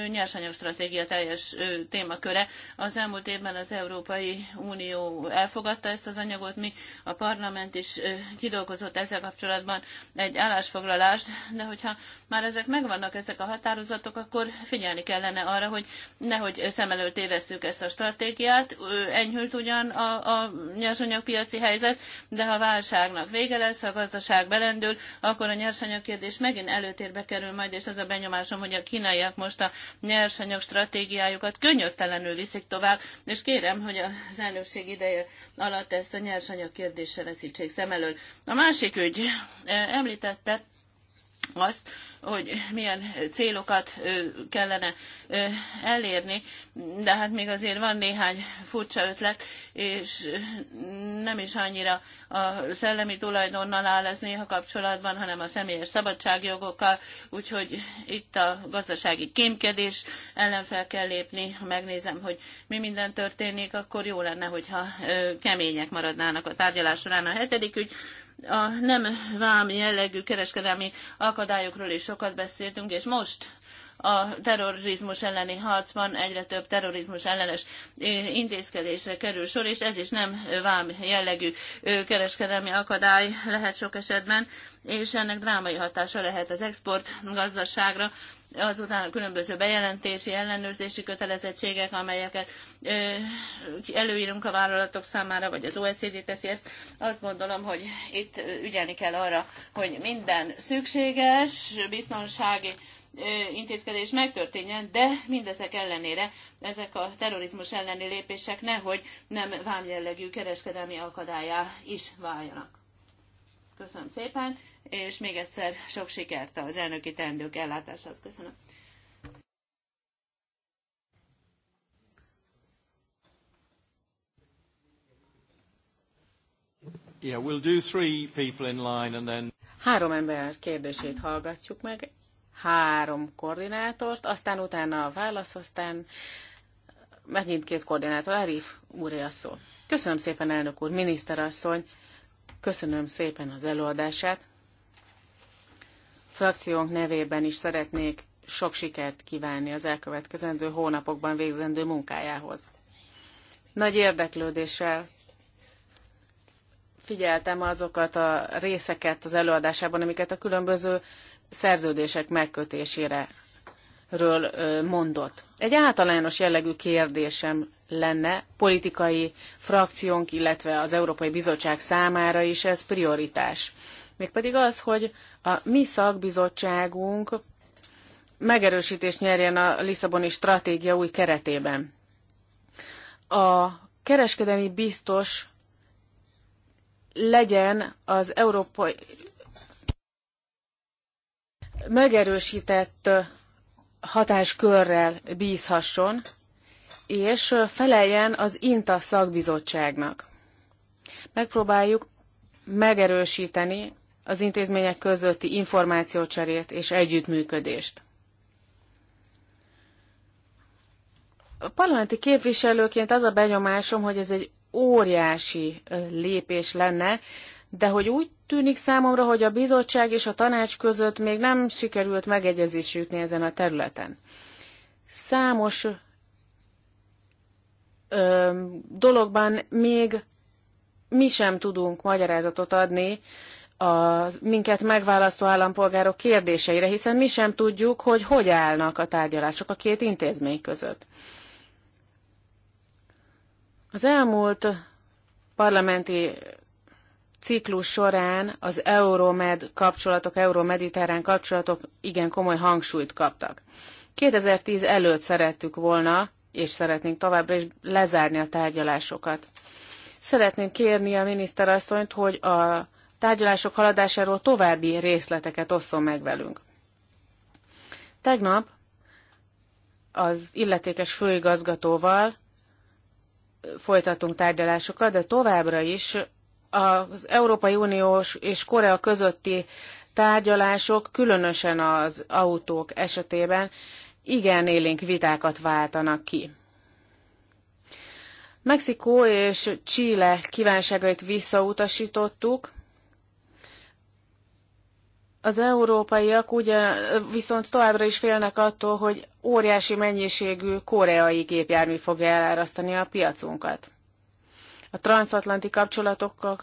nyersanyagstratégia teljes témaköre. Az elmúlt évben az Európai Unió elfogadta ezt az anyagot, mi a parlament is kidolgozott ezzel kapcsolatban egy állásfoglalást, de hogyha már ezek megvannak, ezek a határozatok, akkor figyelni kellene arra, hogy nehogy szem előtt tévesszük ezt a stratégiát. Enyhült ugyan a, a nyersanyagpiaci helyzet, de ha válságnak vége lesz, ha a gazdaság belendül, akkor a nyersanyagkérdés megint előtérbe kerül majd, és az a benyomásom, hogy a kínai bizottságnak most a nyersanyag stratégiájukat könyörtelenül viszik tovább, és kérem, hogy az elnökség ideje alatt ezt a nyersanyag kérdése veszítsék szem elől. A másik ügy, eh, említette, azt, hogy milyen célokat kellene elérni, de hát még azért van néhány furcsa ötlet, és nem is annyira a szellemi tulajdonnal áll ez néha kapcsolatban, hanem a személyes szabadságjogokkal, úgyhogy itt a gazdasági kémkedés ellen fel kell lépni. Ha megnézem, hogy mi minden történik, akkor jó lenne, hogyha kemények maradnának a tárgyalás során. A hetedik ügy a nem vám jellegű kereskedelmi akadályokról is sokat beszéltünk, és most a terrorizmus elleni harcban egyre több terrorizmus ellenes intézkedésre kerül sor, és ez is nem vám jellegű kereskedelmi akadály lehet sok esetben, és ennek drámai hatása lehet az export gazdaságra, azután a különböző bejelentési, ellenőrzési kötelezettségek, amelyeket ö, előírunk a vállalatok számára, vagy az OECD teszi ezt, azt gondolom, hogy itt ügyelni kell arra, hogy minden szükséges biztonsági intézkedés megtörténjen, de mindezek ellenére ezek a terrorizmus elleni lépések nehogy nem vámjellegű kereskedelmi akadályá is váljanak. Köszönöm szépen, és még egyszer sok sikert az elnöki teendők ellátásához. Köszönöm. Yeah, we'll do three people in line and then... Három ember kérdését hallgatjuk meg, három koordinátort, aztán utána a válasz, aztán megint két koordinátor. Arif úré szó. Köszönöm szépen, elnök úr, miniszterasszony, köszönöm szépen az előadását. Frakciónk nevében is szeretnék sok sikert kívánni az elkövetkezendő hónapokban végzendő munkájához. Nagy érdeklődéssel figyeltem azokat a részeket az előadásában, amiket a különböző szerződések megkötésére ről mondott. Egy általános jellegű kérdésem lenne, politikai frakciónk, illetve az Európai Bizottság számára is ez prioritás. Mégpedig az, hogy a mi szakbizottságunk megerősítést nyerjen a Lisszaboni stratégia új keretében. A kereskedelmi biztos legyen az Európai megerősített hatáskörrel bízhasson, és feleljen az INTA szakbizottságnak. Megpróbáljuk megerősíteni az intézmények közötti információcserét és együttműködést. A parlamenti képviselőként az a benyomásom, hogy ez egy óriási lépés lenne, de hogy úgy tűnik számomra, hogy a bizottság és a tanács között még nem sikerült megegyezés jutni ezen a területen. Számos ö, dologban még mi sem tudunk magyarázatot adni a minket megválasztó állampolgárok kérdéseire, hiszen mi sem tudjuk, hogy hogy állnak a tárgyalások a két intézmény között. Az elmúlt parlamenti ciklus során az Euromed kapcsolatok, euromediterrán kapcsolatok igen komoly hangsúlyt kaptak. 2010 előtt szerettük volna, és szeretnénk továbbra is lezárni a tárgyalásokat. Szeretném kérni a miniszterasszonyt, hogy a tárgyalások haladásáról további részleteket osszon meg velünk. Tegnap az illetékes főigazgatóval folytatunk tárgyalásokat, de továbbra is az Európai Uniós és Korea közötti tárgyalások, különösen az autók esetében igen élénk vitákat váltanak ki. Mexikó és Chile kívánságait visszautasítottuk. Az európaiak ugye viszont továbbra is félnek attól, hogy óriási mennyiségű koreai gépjármű fogja elárasztani a piacunkat a transatlanti kapcsolatokkal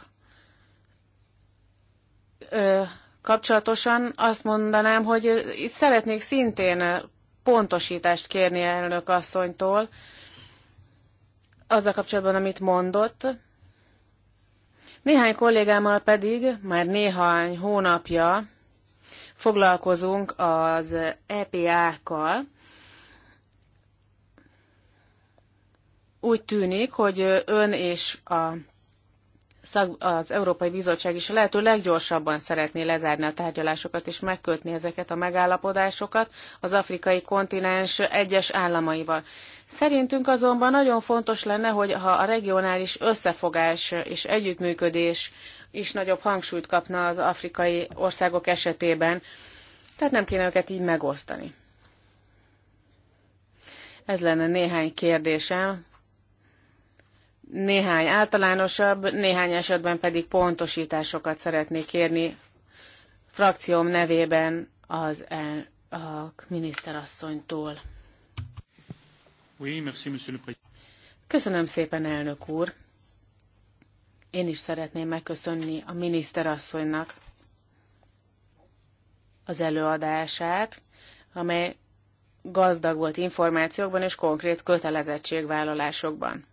ö, kapcsolatosan azt mondanám, hogy itt szeretnék szintén pontosítást kérni elnök asszonytól azzal kapcsolatban, amit mondott. Néhány kollégámmal pedig már néhány hónapja foglalkozunk az EPA-kkal, úgy tűnik, hogy ön és a az Európai Bizottság is a lehető leggyorsabban szeretné lezárni a tárgyalásokat és megkötni ezeket a megállapodásokat az afrikai kontinens egyes államaival. Szerintünk azonban nagyon fontos lenne, hogy ha a regionális összefogás és együttműködés is nagyobb hangsúlyt kapna az afrikai országok esetében, tehát nem kéne őket így megosztani. Ez lenne néhány kérdésem néhány általánosabb, néhány esetben pedig pontosításokat szeretnék kérni frakcióm nevében az el, a miniszterasszonytól. Köszönöm szépen, elnök úr. Én is szeretném megköszönni a miniszterasszonynak az előadását, amely gazdag volt információkban és konkrét kötelezettségvállalásokban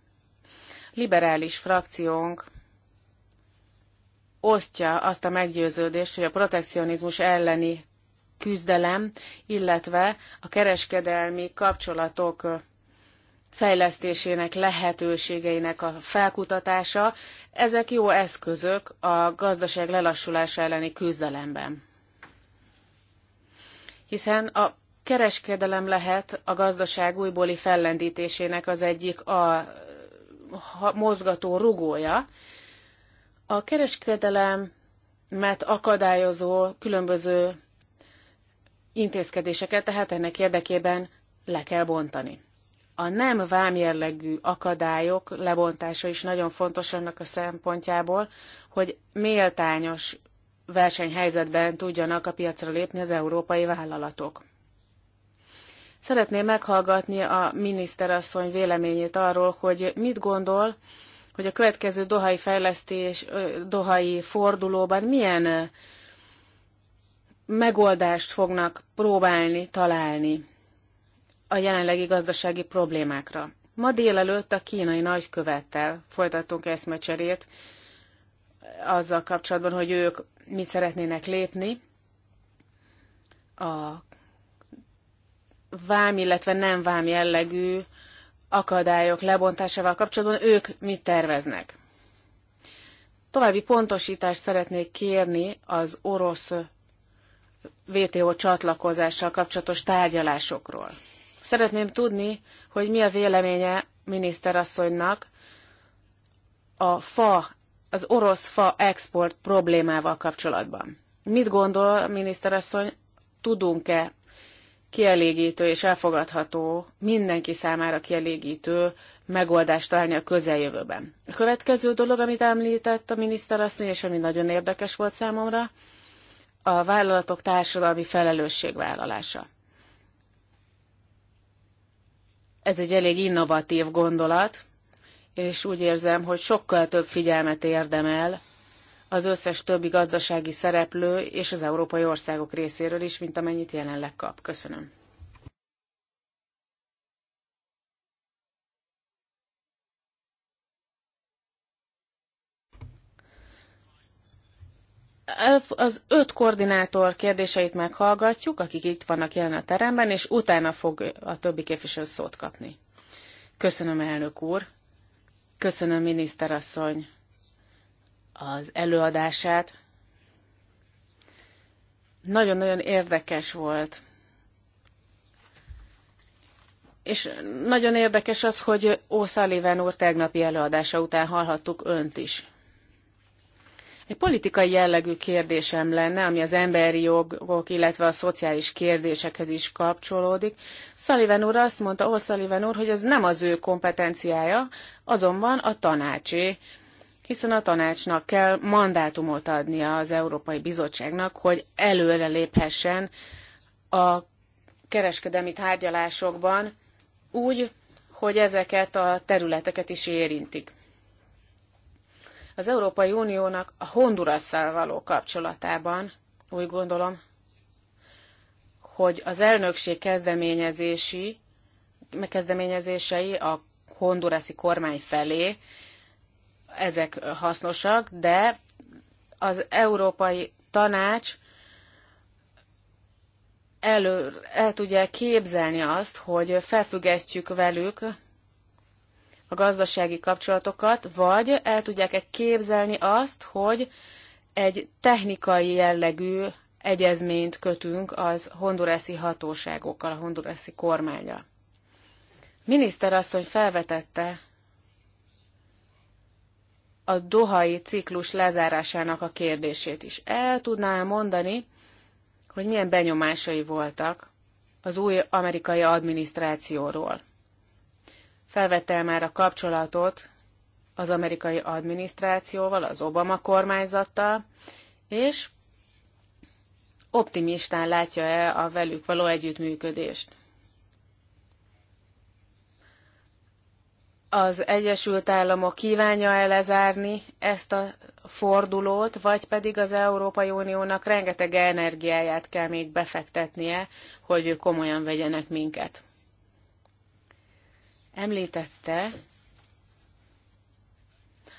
liberális frakciónk osztja azt a meggyőződést, hogy a protekcionizmus elleni küzdelem, illetve a kereskedelmi kapcsolatok fejlesztésének lehetőségeinek a felkutatása, ezek jó eszközök a gazdaság lelassulása elleni küzdelemben. Hiszen a kereskedelem lehet a gazdaság újbóli fellendítésének az egyik a mozgató rugója. A kereskedelem, mert akadályozó különböző intézkedéseket tehát ennek érdekében le kell bontani. A nem vámjellegű akadályok lebontása is nagyon fontos annak a szempontjából, hogy méltányos versenyhelyzetben tudjanak a piacra lépni az európai vállalatok. Szeretném meghallgatni a miniszterasszony véleményét arról, hogy mit gondol, hogy a következő dohai fejlesztés, dohai fordulóban milyen megoldást fognak próbálni találni a jelenlegi gazdasági problémákra. Ma délelőtt a kínai nagykövettel folytattunk eszmecserét azzal kapcsolatban, hogy ők mit szeretnének lépni a vám, illetve nem vám jellegű akadályok lebontásával kapcsolatban ők mit terveznek. További pontosítást szeretnék kérni az orosz VTO csatlakozással kapcsolatos tárgyalásokról. Szeretném tudni, hogy mi a véleménye miniszterasszonynak a fa, az orosz fa export problémával kapcsolatban. Mit gondol a miniszterasszony, tudunk-e kielégítő és elfogadható, mindenki számára kielégítő megoldást találni a közeljövőben. A következő dolog, amit említett a miniszterasszony, és ami nagyon érdekes volt számomra, a vállalatok társadalmi felelősségvállalása. Ez egy elég innovatív gondolat, és úgy érzem, hogy sokkal több figyelmet érdemel az összes többi gazdasági szereplő és az európai országok részéről is, mint amennyit jelenleg kap. Köszönöm. Az öt koordinátor kérdéseit meghallgatjuk, akik itt vannak jelen a teremben, és utána fog a többi képviselő szót kapni. Köszönöm, elnök úr! Köszönöm, miniszterasszony! az előadását. Nagyon-nagyon érdekes volt. És nagyon érdekes az, hogy Ószaliven úr tegnapi előadása után hallhattuk önt is. Egy politikai jellegű kérdésem lenne, ami az emberi jogok, illetve a szociális kérdésekhez is kapcsolódik. Sullivan úr azt mondta, ó, Sullivan úr, hogy ez nem az ő kompetenciája, azonban a tanácsé hiszen a tanácsnak kell mandátumot adnia az Európai Bizottságnak, hogy előre léphessen a kereskedelmi tárgyalásokban úgy, hogy ezeket a területeket is érintik. Az Európai Uniónak a Hondurasszal való kapcsolatában úgy gondolom, hogy az elnökség kezdeményezési, kezdeményezései a honduraszi kormány felé ezek hasznosak, de az Európai Tanács elő, el tudja képzelni azt, hogy felfüggesztjük velük a gazdasági kapcsolatokat, vagy el tudják-e képzelni azt, hogy egy technikai jellegű egyezményt kötünk az honduraszi hatóságokkal, a honduraszi kormánya. Miniszter asszony felvetette a dohai ciklus lezárásának a kérdését is. El tudná mondani, hogy milyen benyomásai voltak az új amerikai adminisztrációról. Felvette már a kapcsolatot az amerikai adminisztrációval, az Obama kormányzattal, és optimistán látja-e a velük való együttműködést. az Egyesült Államok kívánja -e lezárni ezt a fordulót, vagy pedig az Európai Uniónak rengeteg energiáját kell még befektetnie, hogy ők komolyan vegyenek minket. Említette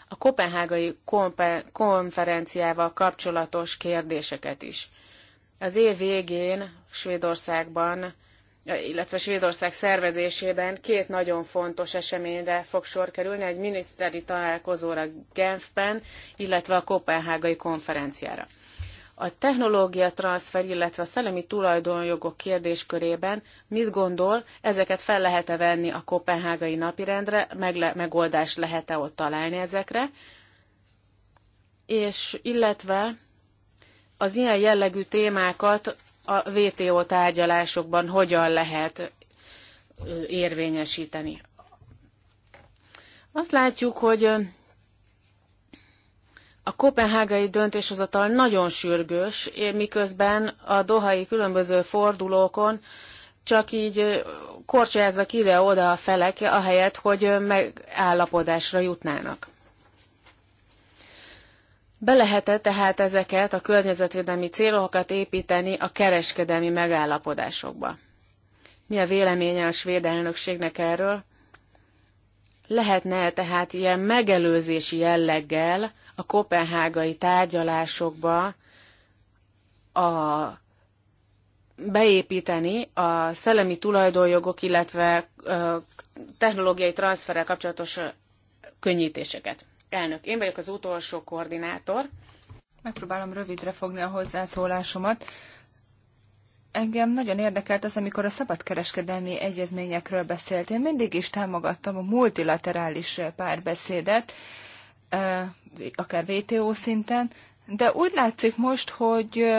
a kopenhágai konferenciával kapcsolatos kérdéseket is. Az év végén Svédországban illetve Svédország szervezésében két nagyon fontos eseményre fog sor kerülni, egy miniszteri találkozóra Genfben, illetve a Kopenhágai konferenciára. A technológia transfer, illetve a szellemi tulajdonjogok kérdéskörében mit gondol, ezeket fel lehet-e venni a kopenhágai napirendre, megle- megoldást lehet-e ott találni ezekre, és illetve az ilyen jellegű témákat a WTO tárgyalásokban hogyan lehet érvényesíteni. Azt látjuk, hogy a kopenhágai döntéshozatal nagyon sürgős, miközben a dohai különböző fordulókon csak így korcsolyáznak ide-oda a felek, ahelyett, hogy megállapodásra jutnának. Be lehet-e tehát ezeket a környezetvédelmi célokat építeni a kereskedelmi megállapodásokba? Mi a véleménye a svéd elnökségnek erről? Lehetne -e tehát ilyen megelőzési jelleggel a kopenhágai tárgyalásokba a beépíteni a szellemi tulajdonjogok, illetve technológiai transferrel kapcsolatos könnyítéseket. Elnök, én vagyok az utolsó koordinátor. Megpróbálom rövidre fogni a hozzászólásomat. Engem nagyon érdekelt az, amikor a szabadkereskedelmi egyezményekről beszélt. Én mindig is támogattam a multilaterális párbeszédet, akár WTO szinten, de úgy látszik most, hogy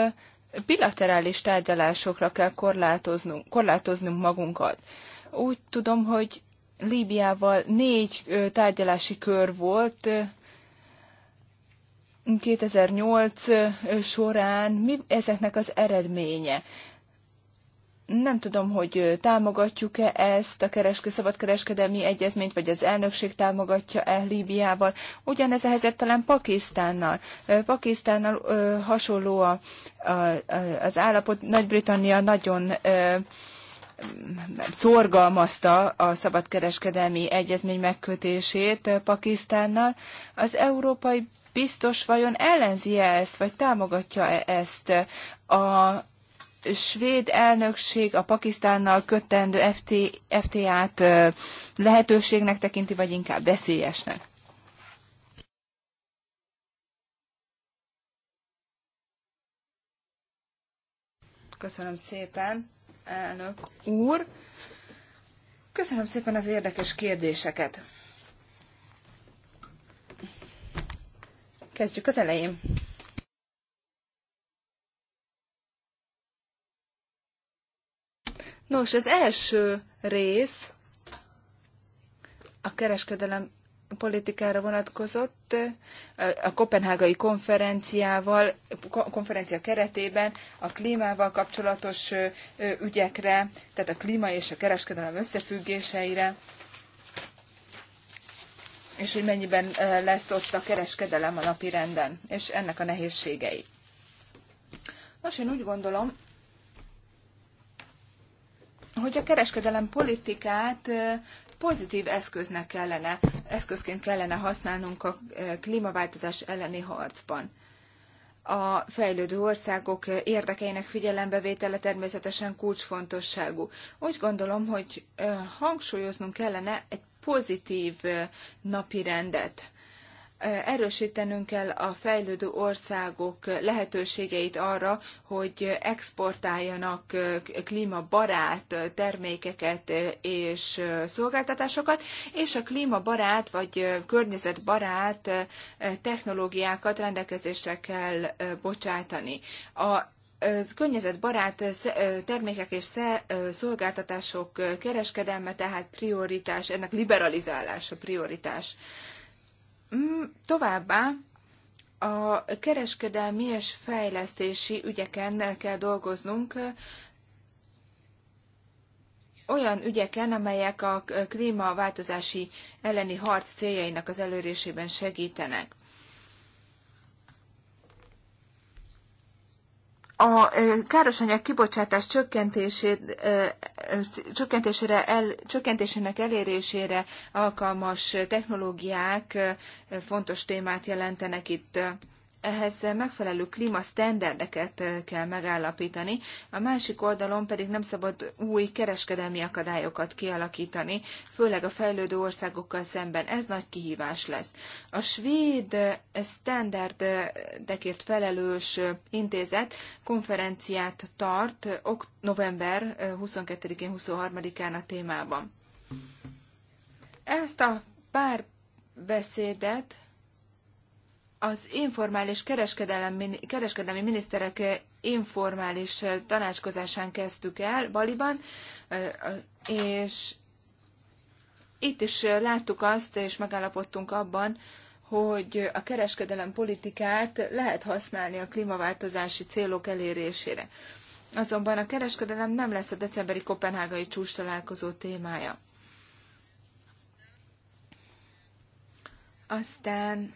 bilaterális tárgyalásokra kell korlátoznunk, korlátoznunk magunkat. Úgy tudom, hogy Líbiával négy tárgyalási kör volt 2008 során. Mi ezeknek az eredménye? Nem tudom, hogy támogatjuk-e ezt a kereske, szabadkereskedelmi egyezményt, vagy az elnökség támogatja-e Líbiával. Ugyanez a helyzet talán Pakisztánnal. Pakisztánnal hasonló a, a, az állapot. Nagy-Britannia nagyon szorgalmazta a szabadkereskedelmi egyezmény megkötését Pakisztánnal. Az európai biztos vajon ellenzi -e ezt, vagy támogatja -e ezt a svéd elnökség a Pakisztánnal kötendő FTA-t lehetőségnek tekinti, vagy inkább veszélyesnek? Köszönöm szépen elnök úr. Köszönöm szépen az érdekes kérdéseket. Kezdjük az elején. Nos, az első rész a kereskedelem politikára vonatkozott, a kopenhágai konferenciával, konferencia keretében a klímával kapcsolatos ügyekre, tehát a klíma és a kereskedelem összefüggéseire, és hogy mennyiben lesz ott a kereskedelem a napi renden, és ennek a nehézségei. Nos, én úgy gondolom, hogy a kereskedelem politikát pozitív eszköznek kellene, eszközként kellene használnunk a e, klímaváltozás elleni harcban. A fejlődő országok érdekeinek figyelembevétele természetesen kulcsfontosságú. Úgy gondolom, hogy e, hangsúlyoznunk kellene egy pozitív e, napi rendet erősítenünk kell a fejlődő országok lehetőségeit arra, hogy exportáljanak klímabarát termékeket és szolgáltatásokat, és a klímabarát vagy környezetbarát technológiákat rendelkezésre kell bocsátani. A környezetbarát termékek és szolgáltatások kereskedelme tehát prioritás, ennek liberalizálása prioritás Mm, továbbá a kereskedelmi és fejlesztési ügyeken kell dolgoznunk, olyan ügyeken, amelyek a klímaváltozási elleni harc céljainak az elérésében segítenek. a károsanyag kibocsátás csökkentésére el, csökkentésének elérésére alkalmas technológiák fontos témát jelentenek itt ehhez megfelelő klímasztenderdeket eh, kell megállapítani, a másik oldalon pedig nem szabad új kereskedelmi akadályokat kialakítani, főleg a fejlődő országokkal szemben. Ez nagy kihívás lesz. A svéd eh, standardekért eh, felelős intézet konferenciát tart november 22-én, 23-án a témában. Ezt a pár beszédet az informális kereskedelmi miniszterek eh, informális eh, tanácskozásán kezdtük el Baliban, eh, és itt is láttuk azt, és megállapodtunk abban, hogy a kereskedelem politikát lehet használni a klímaváltozási célok elérésére. Azonban a kereskedelem nem lesz a decemberi kopenhágai csúcs találkozó témája. Aztán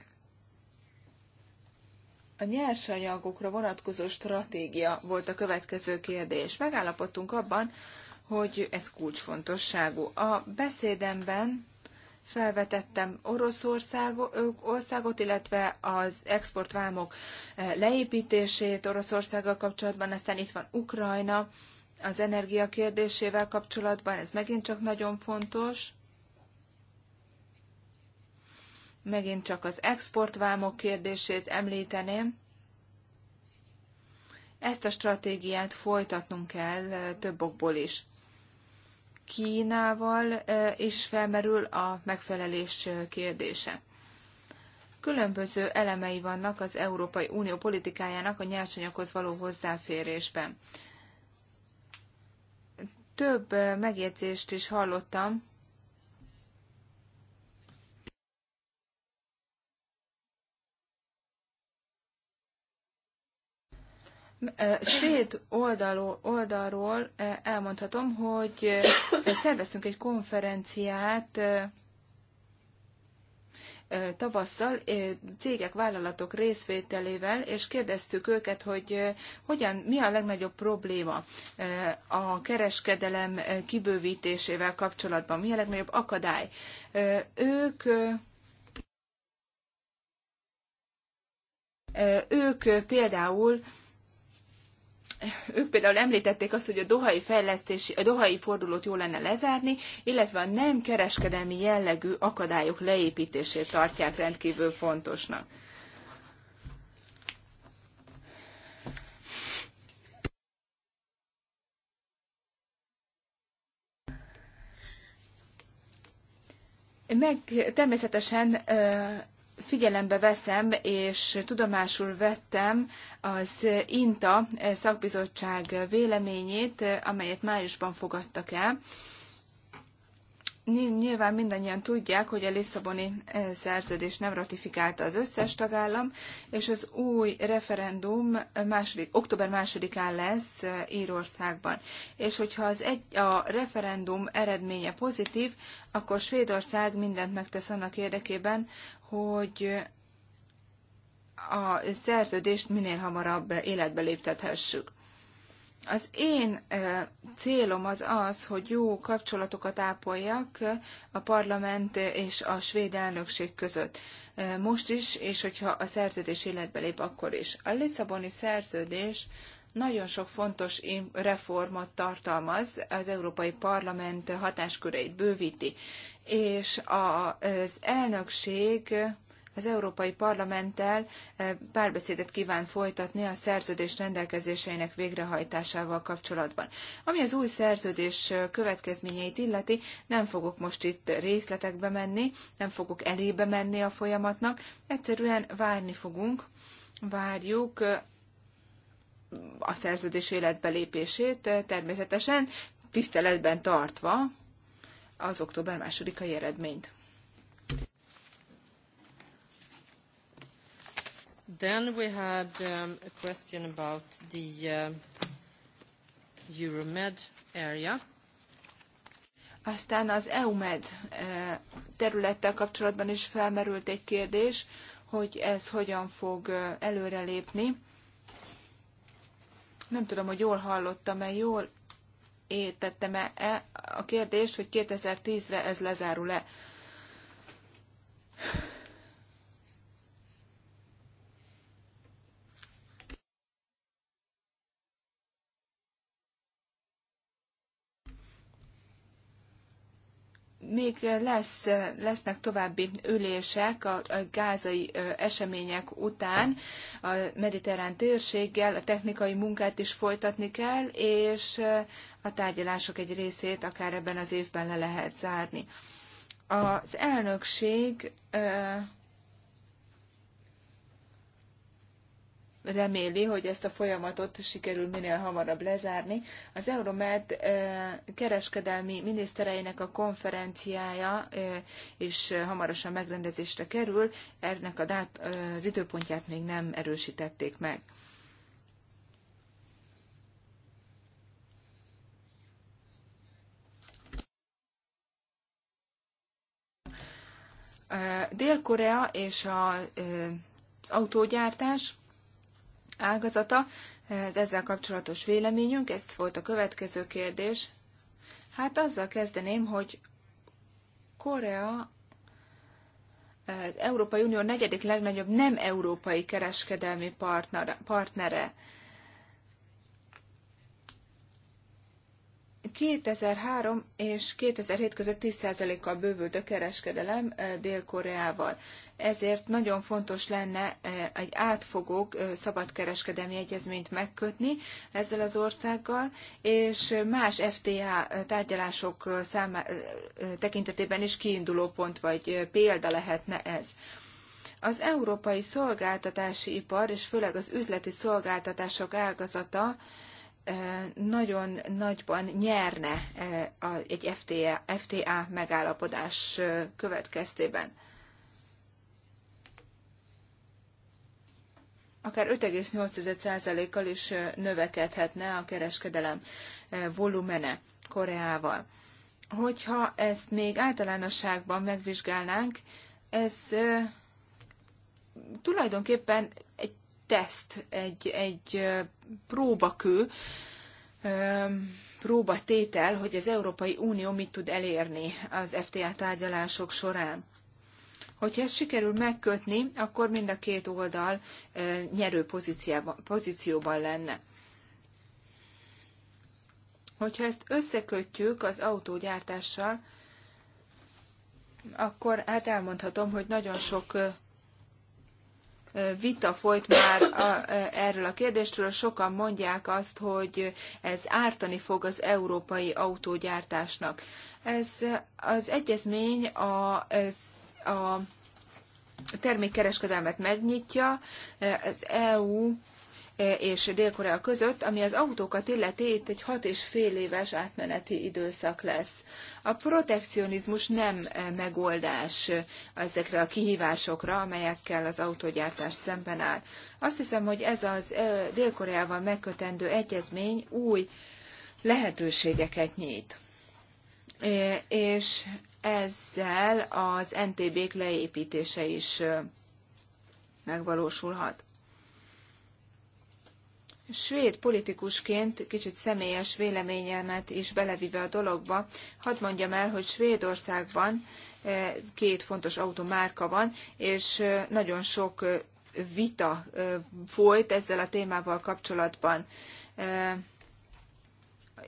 a nyersanyagokra vonatkozó stratégia volt a következő kérdés. Megállapodtunk abban, hogy ez kulcsfontosságú. A beszédemben felvetettem Oroszországot, illetve az exportvámok eh, leépítését Oroszországgal kapcsolatban, aztán itt van Ukrajna, az energia kérdésével kapcsolatban, ez megint csak nagyon fontos. Megint csak az exportvámok kérdését említeném. Ezt a stratégiát folytatnunk kell eh, több okból is. Kínával eh, is felmerül a megfelelés eh, kérdése. Különböző elemei vannak az Európai Unió politikájának a nyersanyaghoz való hozzáférésben. Több megjegyzést is hallottam svéd oldalról, oldalról elmondhatom, hogy szerveztünk egy konferenciát tavasszal cégek, vállalatok részvételével, és kérdeztük őket, hogy hogyan, mi a legnagyobb probléma a kereskedelem kibővítésével kapcsolatban, mi a legnagyobb akadály. Ők ők például ők például említették azt, hogy a dohai fejlesztési, a dohai fordulót jó lenne lezárni, illetve a nem kereskedelmi jellegű akadályok leépítését tartják rendkívül fontosnak. Meg természetesen figyelembe veszem, és tudomásul vettem az INTA szakbizottság véleményét, amelyet májusban fogadtak el Nyilván mindannyian tudják, hogy a Lisszaboni eh, szerződés nem ratifikálta az összes tagállam, és az új referendum második, október másodikán lesz eh, Írországban. És hogyha az egy, a referendum eredménye pozitív, akkor Svédország mindent megtesz annak érdekében, hogy eh, a szerződést minél hamarabb életbe léptethessük. Az én célom az az, hogy jó kapcsolatokat ápoljak a parlament és a svéd elnökség között. Most is, és hogyha a szerződés életbe lép, akkor is. A Lisszaboni szerződés nagyon sok fontos reformot tartalmaz, az Európai Parlament hatásköreit bővíti, és az elnökség az Európai Parlamenttel eh, párbeszédet kíván folytatni a szerződés rendelkezéseinek végrehajtásával kapcsolatban. Ami az új szerződés eh, következményeit illeti, nem fogok most itt részletekbe menni, nem fogok elébe menni a folyamatnak, egyszerűen várni fogunk, várjuk eh, a szerződés életbe lépését természetesen tiszteletben tartva az október másodikai eredményt. Then we had um, a question about the uh, Euromed area. Aztán az EUMED eh, területtel kapcsolatban is felmerült egy kérdés, hogy ez hogyan fog eh, előrelépni. Nem tudom, hogy jól hallottam-e, jól értettem-e -e a kérdést, hogy 2010-re ez lezárul-e. Még lesz, lesznek további ülések a, a gázai események után a mediterrán térséggel, a technikai munkát is folytatni kell, és a tárgyalások egy részét akár ebben az évben le lehet zárni. Az elnökség reméli, hogy ezt a folyamatot sikerül minél hamarabb lezárni. Az Euromed kereskedelmi minisztereinek a konferenciája is hamarosan megrendezésre kerül, ennek a dát, az időpontját még nem erősítették meg. Dél-Korea és az autógyártás ágazata. Ez ezzel kapcsolatos véleményünk, ez volt a következő kérdés. Hát azzal kezdeném, hogy Korea az Európai Unió negyedik legnagyobb nem európai kereskedelmi partnere. partnere. 2003 és 2007 között 10%-kal bővült a kereskedelem Dél-Koreával. Ezért nagyon fontos lenne egy átfogó szabadkereskedelmi egyezményt megkötni ezzel az országgal, és más FTA tárgyalások számá, tekintetében is kiinduló pont vagy példa lehetne ez. Az európai szolgáltatási ipar, és főleg az üzleti szolgáltatások ágazata, nagyon nagyban nyerne egy FTA, FTA megállapodás következtében. akár 5,8%-kal is növekedhetne a kereskedelem volumene Koreával. Hogyha ezt még általánosságban megvizsgálnánk, ez tulajdonképpen teszt, egy, egy próbakő, próbatétel, hogy az Európai Unió mit tud elérni az FTA tárgyalások során. Hogyha ezt sikerül megkötni, akkor mind a két oldal nyerő pozícióban lenne. Hogyha ezt összekötjük az autógyártással, akkor hát elmondhatom, hogy nagyon sok vita folyt már a, e, erről a kérdésről. Sokan mondják azt, hogy ez ártani fog az európai autógyártásnak. Ez az egyezmény a, ez, a termékkereskedelmet megnyitja, az EU és Dél-Korea között, ami az autókat illeti, itt egy hat és fél éves átmeneti időszak lesz. A protekcionizmus nem eh, megoldás eh, ezekre a kihívásokra, amelyekkel az autógyártás szemben áll. Azt hiszem, hogy ez az eh, Dél-Koreával megkötendő egyezmény új lehetőségeket nyit. És ezzel az NTB-k leépítése is megvalósulhat svéd politikusként kicsit személyes véleményemet is belevive a dologba, hadd mondjam el, hogy Svédországban eh, két fontos automárka van, és eh, nagyon sok eh, vita folyt ezzel a témával kapcsolatban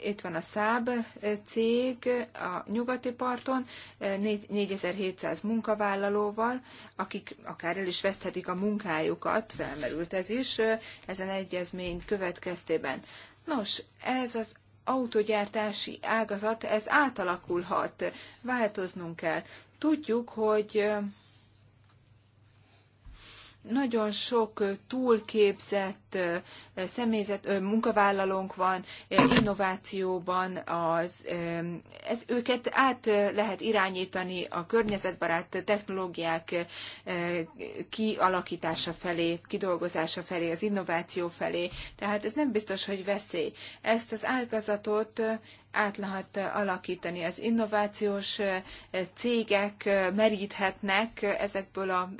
itt van a Száb eh, cég a nyugati parton, 4700 eh, munkavállalóval, akik akár el is veszthetik a munkájukat, felmerült ez is eh, ezen egyezmény következtében. Nos, ez az autogyártási ágazat, ez átalakulhat, változnunk kell. Tudjuk, hogy nagyon sok túlképzett személyzet, munkavállalónk van, innovációban, az, ez, őket át lehet irányítani a környezetbarát technológiák kialakítása felé, kidolgozása felé, az innováció felé. Tehát ez nem biztos, hogy veszély. Ezt az ágazatot át lehet alakítani. Az innovációs cégek meríthetnek ezekből a,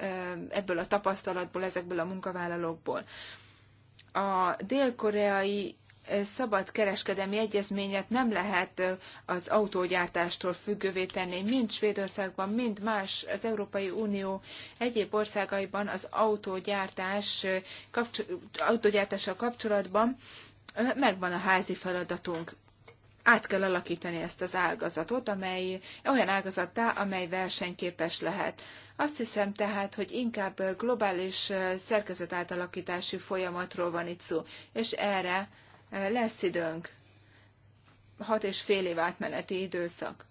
ebből a tapasztalatból, ezekből a munkavállalókból a dél-koreai szabad kereskedelmi egyezményet nem lehet az autógyártástól függővé tenni. Mind Svédországban, mind más az Európai Unió egyéb országaiban az autógyártás, kapcsol- autógyártással kapcsolatban megvan a házi feladatunk át kell alakítani ezt az ágazatot, amely olyan ágazattá, amely versenyképes lehet. Azt hiszem tehát, hogy inkább globális szerkezet átalakítási folyamatról van itt szó, és erre lesz időnk. Hat és fél év átmeneti időszak.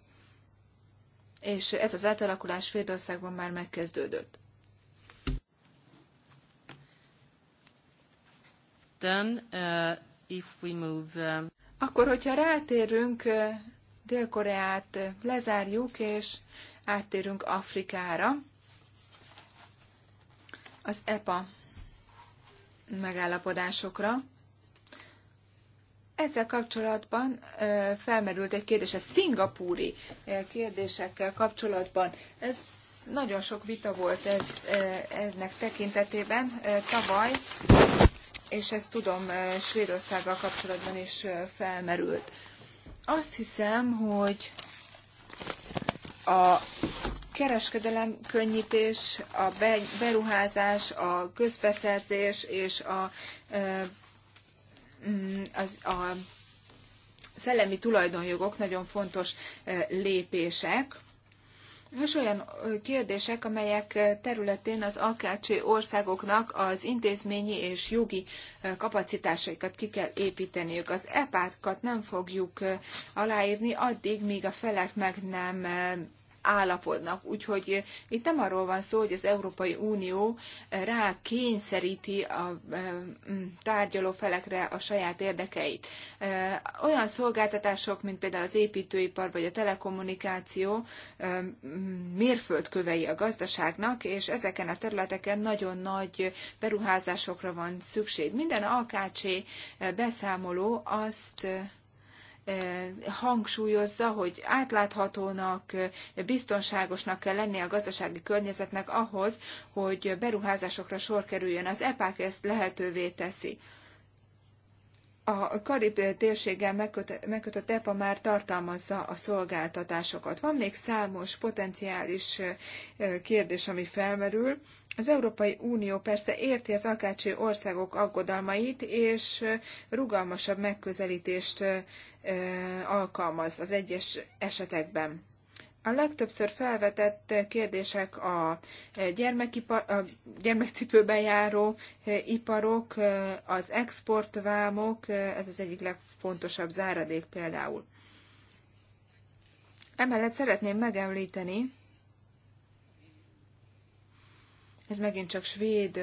És ez az átalakulás Svédországban már megkezdődött. Then, uh, if we move, uh... Akkor, hogyha rátérünk Dél-Koreát, lezárjuk, és áttérünk Afrikára. Az EPA megállapodásokra. Ezzel kapcsolatban felmerült egy kérdés, a szingapúri kérdésekkel kapcsolatban. Ez nagyon sok vita volt ez, ennek tekintetében. Tavaly és ezt tudom eh, Svédországgal kapcsolatban is eh, felmerült. Azt hiszem, hogy a kereskedelem könnyítés, a beruházás, a közbeszerzés és a, eh, mm, az, a szellemi tulajdonjogok nagyon fontos lépések most olyan kérdések, amelyek területén az AKC országoknak az intézményi és jogi kapacitásaikat ki kell építeniük. Az EPÁT-kat nem fogjuk aláírni addig, míg a felek meg nem állapodnak. Úgyhogy itt nem arról van szó, hogy az Európai Unió rá kényszeríti a mm, tárgyaló felekre a saját érdekeit. Olyan szolgáltatások, mint például az építőipar vagy a telekommunikáció mm, mérföldkövei a gazdaságnak, és ezeken a területeken nagyon nagy beruházásokra van szükség. Minden alkácsé beszámoló azt hangsúlyozza, hogy átláthatónak, biztonságosnak kell lennie a gazdasági környezetnek ahhoz, hogy beruházásokra sor kerüljön. Az EPAC ezt lehetővé teszi. A Karib térséggel megkötött EPA már tartalmazza a szolgáltatásokat. Van még számos potenciális kérdés, ami felmerül. Az Európai Unió persze érti az akácsi országok aggodalmait, és rugalmasabb megközelítést alkalmaz az egyes esetekben. A legtöbbször felvetett kérdések a, gyermekipar, a gyermekcipőben járó iparok, az exportvámok, ez az egyik legfontosabb záradék például. Emellett szeretném megemlíteni, ez megint csak svéd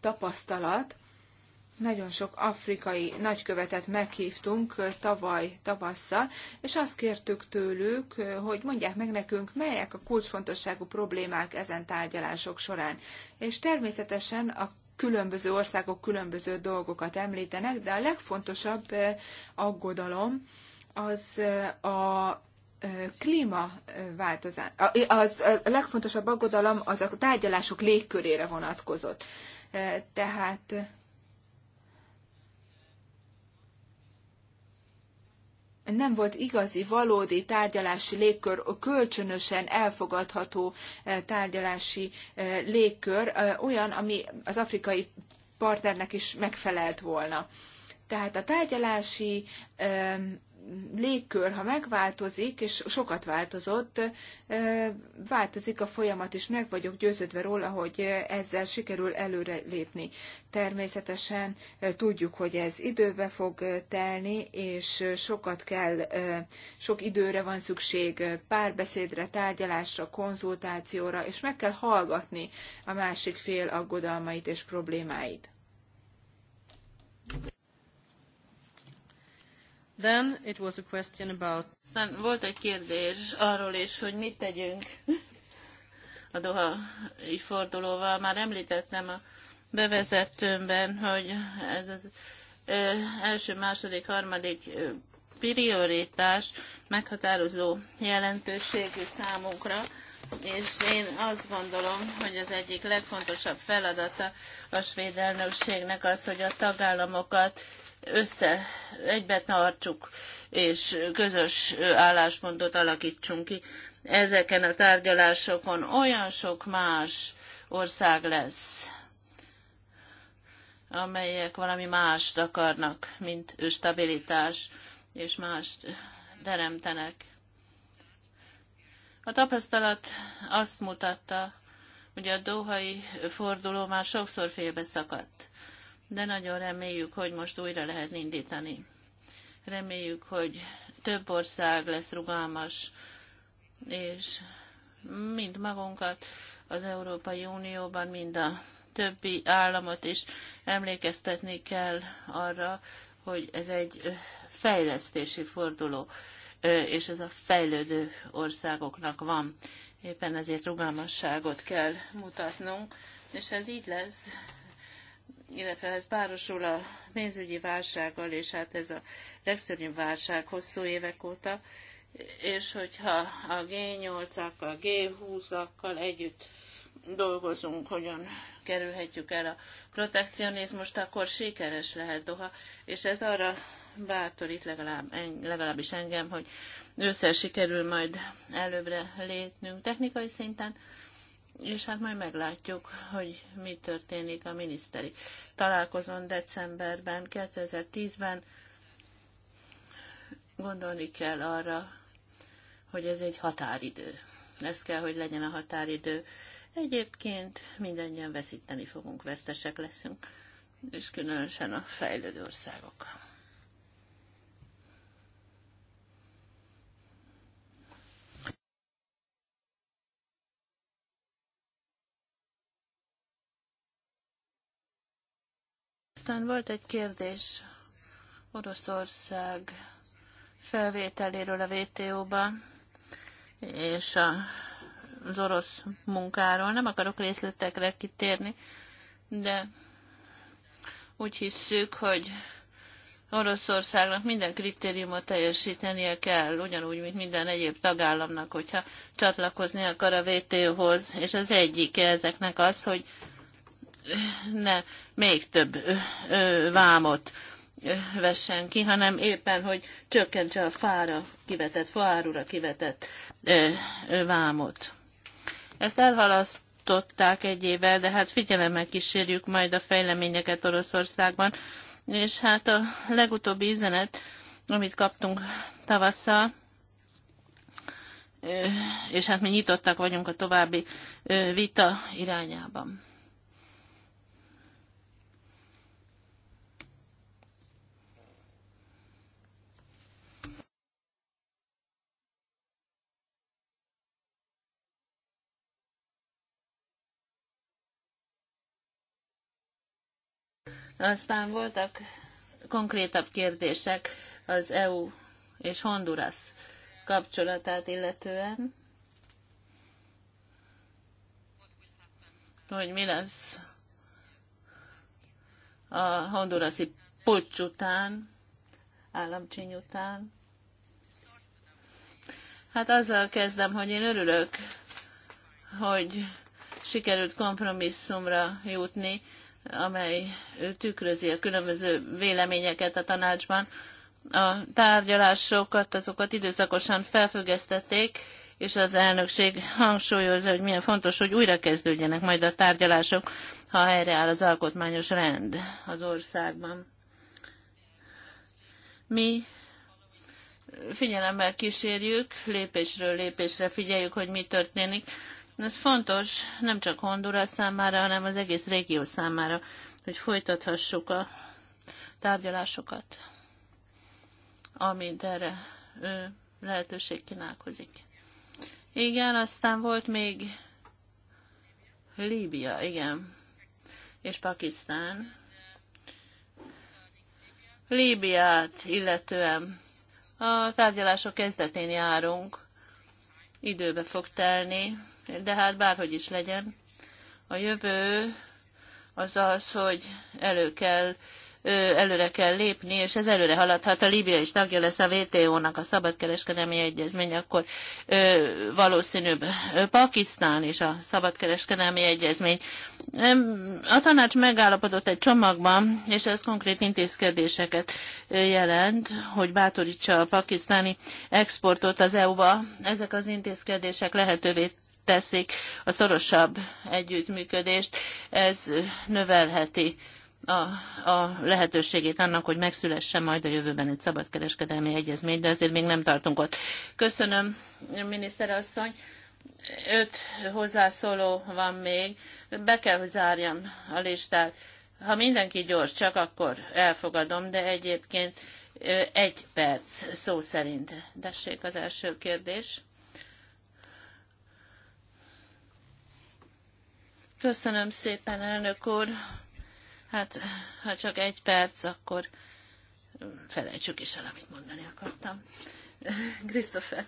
tapasztalat, nagyon sok afrikai nagykövetet meghívtunk tavaly tavasszal, és azt kértük tőlük, hogy mondják meg nekünk, melyek a kulcsfontosságú problémák ezen tárgyalások során. És természetesen a különböző országok különböző dolgokat említenek, de a legfontosabb aggodalom az a klímaváltozás. Az a legfontosabb aggodalom az a tárgyalások légkörére vonatkozott. Tehát nem volt igazi, valódi tárgyalási légkör, kölcsönösen elfogadható e, tárgyalási e, légkör, e, olyan, ami az afrikai partnernek is megfelelt volna. Tehát a tárgyalási légkör, ha megváltozik, és sokat változott, változik a folyamat, és meg vagyok győződve róla, hogy ezzel sikerül előre lépni. Természetesen tudjuk, hogy ez időbe fog telni, és sokat kell, sok időre van szükség párbeszédre, tárgyalásra, konzultációra, és meg kell hallgatni a másik fél aggodalmait és problémáit. Then it was a question about... Aztán volt egy kérdés arról is, hogy mit tegyünk a dohai fordulóval. Már említettem a bevezetőmben, hogy ez az első, második, harmadik prioritás meghatározó jelentőségű számunkra, és én azt gondolom, hogy az egyik legfontosabb feladata a svéd elnökségnek az, hogy a tagállamokat össze egybe tartsuk, és közös álláspontot alakítsunk ki. Ezeken a tárgyalásokon olyan sok más ország lesz, amelyek valami mást akarnak, mint stabilitás, és mást teremtenek. A tapasztalat azt mutatta, hogy a dohai forduló már sokszor félbe szakadt de nagyon reméljük, hogy most újra lehet indítani. Reméljük, hogy több ország lesz rugalmas, és mind magunkat az Európai Unióban, mind a többi államot is emlékeztetni kell arra, hogy ez egy fejlesztési forduló, és ez a fejlődő országoknak van. Éppen ezért rugalmasságot kell mutatnunk, és ez így lesz, illetve ez párosul a pénzügyi válsággal, és hát ez a legszörnyűbb válság hosszú évek óta, és hogyha a G8-akkal, G20-akkal együtt dolgozunk, hogyan kerülhetjük el a protekcionizmust, akkor sikeres lehet Doha, és ez arra bátorít legalább, legalábbis engem, hogy ősszel sikerül majd előbbre lépnünk technikai szinten, és hát majd meglátjuk, hogy mi történik a miniszteri találkozón decemberben, 2010-ben. Gondolni kell arra, hogy ez egy határidő. Ez kell, hogy legyen a határidő. Egyébként mindannyian veszíteni fogunk, vesztesek leszünk, és különösen a fejlődő országok. Aztán volt egy kérdés Oroszország felvételéről a WTO-ba, és a, az orosz munkáról. Nem akarok részletekre kitérni, de úgy hiszük, hogy Oroszországnak minden kritériumot teljesítenie kell, ugyanúgy, mint minden egyéb tagállamnak, hogyha csatlakozni akar a WTO-hoz, és az egyik ezeknek az, hogy ne még több vámot vessen ki, hanem éppen, hogy csökkentse a fára kivetett, faárúra kivetett vámot. Ezt elhalasztották egy évvel, de hát figyelemmel kísérjük majd a fejleményeket Oroszországban. És hát a legutóbbi üzenet, amit kaptunk tavasszal, és hát mi nyitottak vagyunk a további vita irányában. Aztán voltak konkrétabb kérdések az EU és Honduras kapcsolatát illetően. Hogy mi lesz a hondurasi pucs után, államcsíny után. Hát azzal kezdem, hogy én örülök, hogy sikerült kompromisszumra jutni amely tükrözi a különböző véleményeket a tanácsban. A tárgyalásokat, azokat időszakosan felfüggesztették, és az elnökség hangsúlyozza, hogy milyen fontos, hogy újra kezdődjenek majd a tárgyalások, ha áll az alkotmányos rend az országban. Mi figyelemmel kísérjük, lépésről lépésre figyeljük, hogy mi történik ez fontos nem csak Honduras számára, hanem az egész régió számára, hogy folytathassuk a tárgyalásokat, amint erre ő lehetőség kínálkozik. Igen, aztán volt még Líbia, igen, és Pakisztán. Líbiát illetően a tárgyalások kezdetén járunk, időbe fog telni, de hát bárhogy is legyen, a jövő az az, hogy elő kell, előre kell lépni, és ez előre haladhat. A Líbia is tagja lesz a WTO-nak, a szabadkereskedelmi egyezmény, akkor valószínűbb Pakisztán is a szabadkereskedelmi egyezmény. A tanács megállapodott egy csomagban, és ez konkrét intézkedéseket jelent, hogy bátorítsa a pakisztáni exportot az EU-ba. Ezek az intézkedések lehetővé teszik a szorosabb együttműködést, ez növelheti a, a lehetőségét annak, hogy megszülessen majd a jövőben egy szabadkereskedelmi egyezmény, de azért még nem tartunk ott. Köszönöm, miniszterasszony. Öt hozzászóló van még. Be kell, hogy zárjam a listát. Ha mindenki gyors, csak akkor elfogadom, de egyébként egy perc szó szerint. Tessék az első kérdés. Köszönöm szépen, elnök úr. Hát, ha csak egy perc, akkor felejtsük is el, amit mondani akartam. <laughs> Christopher.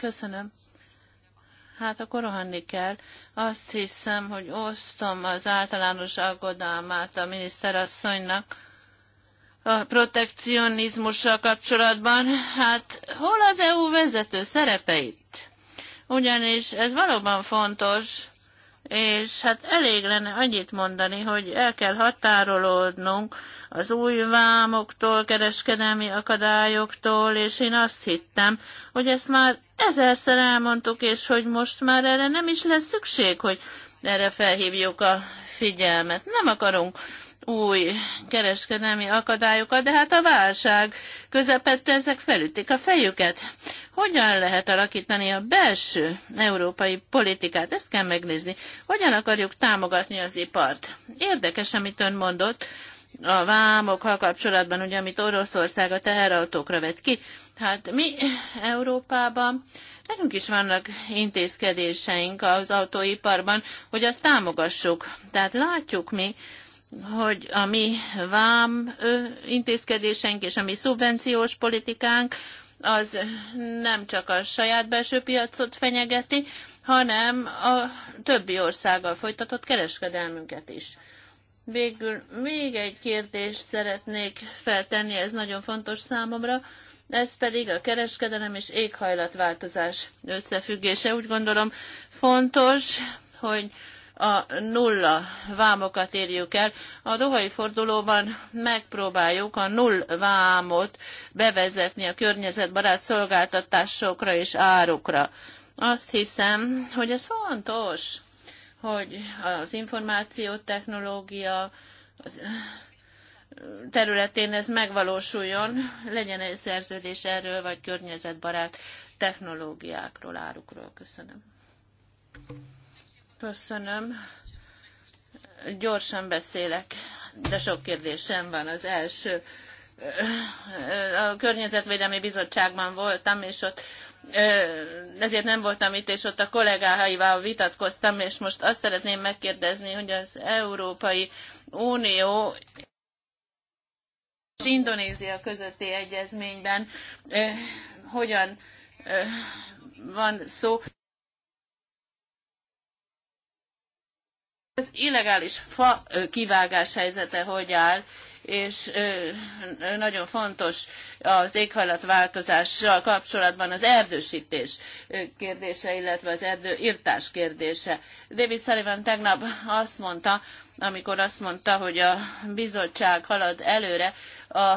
Köszönöm. Hát akkor rohanni kell. Azt hiszem, hogy osztom az általános aggodalmát a miniszterasszonynak a protekcionizmussal kapcsolatban, hát hol az EU vezető szerepe itt? Ugyanis ez valóban fontos, és hát elég lenne annyit mondani, hogy el kell határolódnunk az új vámoktól, kereskedelmi akadályoktól, és én azt hittem, hogy ezt már ezerszer elmondtuk, és hogy most már erre nem is lesz szükség, hogy erre felhívjuk a figyelmet. Nem akarunk új kereskedelmi akadályokat, de hát a válság közepette ezek felütik a fejüket. Hogyan lehet alakítani a belső európai politikát? Ezt kell megnézni. Hogyan akarjuk támogatni az ipart? Érdekes, amit ön mondott a vámokkal kapcsolatban, ugye, amit Oroszország a teherautókra vett ki. Hát mi Európában Nekünk is vannak intézkedéseink az autóiparban, hogy azt támogassuk. Tehát látjuk mi, hogy a mi vám intézkedéseink és a mi szubvenciós politikánk az nem csak a saját belső piacot fenyegeti, hanem a többi országgal folytatott kereskedelmünket is. Végül még egy kérdést szeretnék feltenni, ez nagyon fontos számomra, ez pedig a kereskedelem és éghajlatváltozás összefüggése. Úgy gondolom fontos, hogy a nulla vámokat érjük el. A dohai fordulóban megpróbáljuk a null vámot bevezetni a környezetbarát szolgáltatásokra és árukra. Azt hiszem, hogy ez fontos, hogy az információtechnológia az területén ez megvalósuljon, legyen egy szerződés erről, vagy környezetbarát technológiákról, árukról. Köszönöm. Köszönöm. Gyorsan beszélek, de sok kérdésem van. Az első, a Környezetvédelmi Bizottságban voltam, és ott ezért nem voltam itt, és ott a kollégáival vitatkoztam, és most azt szeretném megkérdezni, hogy az Európai Unió és Indonézia közötti egyezményben hogyan van szó. Az illegális fa kivágás helyzete hogy áll, és nagyon fontos az éghajlatváltozással kapcsolatban az erdősítés kérdése, illetve az erdőírtás kérdése. David Sullivan tegnap azt mondta, amikor azt mondta, hogy a bizottság halad előre a,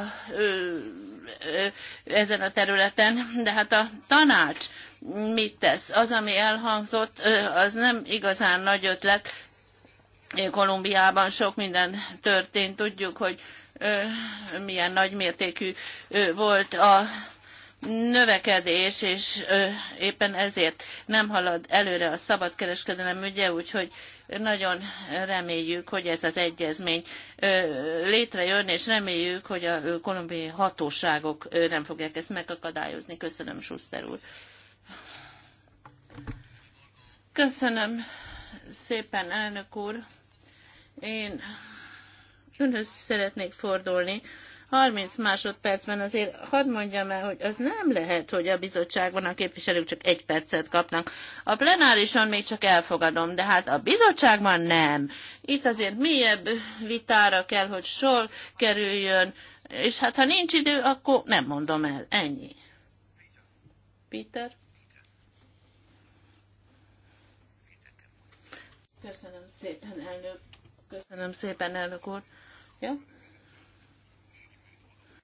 ezen a területen, de hát a tanács mit tesz? Az, ami elhangzott, az nem igazán nagy ötlet, Kolumbiában sok minden történt. Tudjuk, hogy milyen nagymértékű volt a növekedés, és éppen ezért nem halad előre a szabadkereskedelem ügye, úgyhogy nagyon reméljük, hogy ez az egyezmény létrejön, és reméljük, hogy a kolumbiai hatóságok nem fogják ezt megakadályozni. Köszönöm, Schuster úr. Köszönöm szépen, elnök úr. Én önhöz szeretnék fordulni. 30 másodpercben azért hadd mondjam el, hogy az nem lehet, hogy a bizottságban a képviselők csak egy percet kapnak. A plenárison még csak elfogadom, de hát a bizottságban nem. Itt azért mélyebb vitára kell, hogy sor kerüljön, és hát ha nincs idő, akkor nem mondom el. Ennyi. Peter? Köszönöm szépen, elnök Köszönöm szépen, elnök úr. Ja?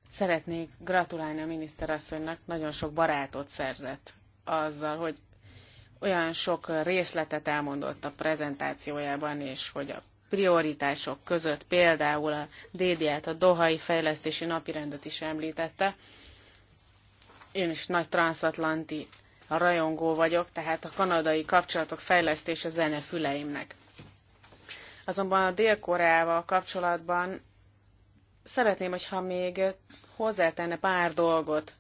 Szeretnék gratulálni a miniszterasszonynak, nagyon sok barátot szerzett azzal, hogy olyan sok részletet elmondott a prezentációjában, és hogy a prioritások között például a DDL-t, a Dohai Fejlesztési Napirendet is említette. Én is nagy transatlanti rajongó vagyok, tehát a kanadai kapcsolatok fejlesztése zene füleimnek. Azonban a Dél-Koreával kapcsolatban szeretném, hogyha még hozzátenne pár dolgot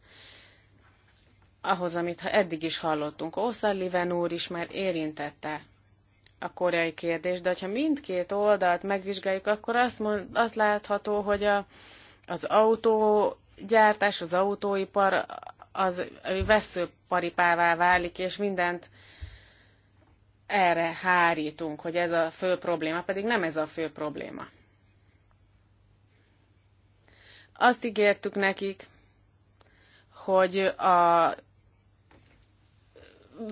ahhoz, amit eddig is hallottunk. O'Sullivan úr is már érintette a koreai kérdést, de ha mindkét oldalt megvizsgáljuk, akkor azt, mond, azt látható, hogy a, az autógyártás, az autóipar az veszőparipává válik, és mindent erre hárítunk, hogy ez a fő probléma, pedig nem ez a fő probléma. Azt ígértük nekik, hogy a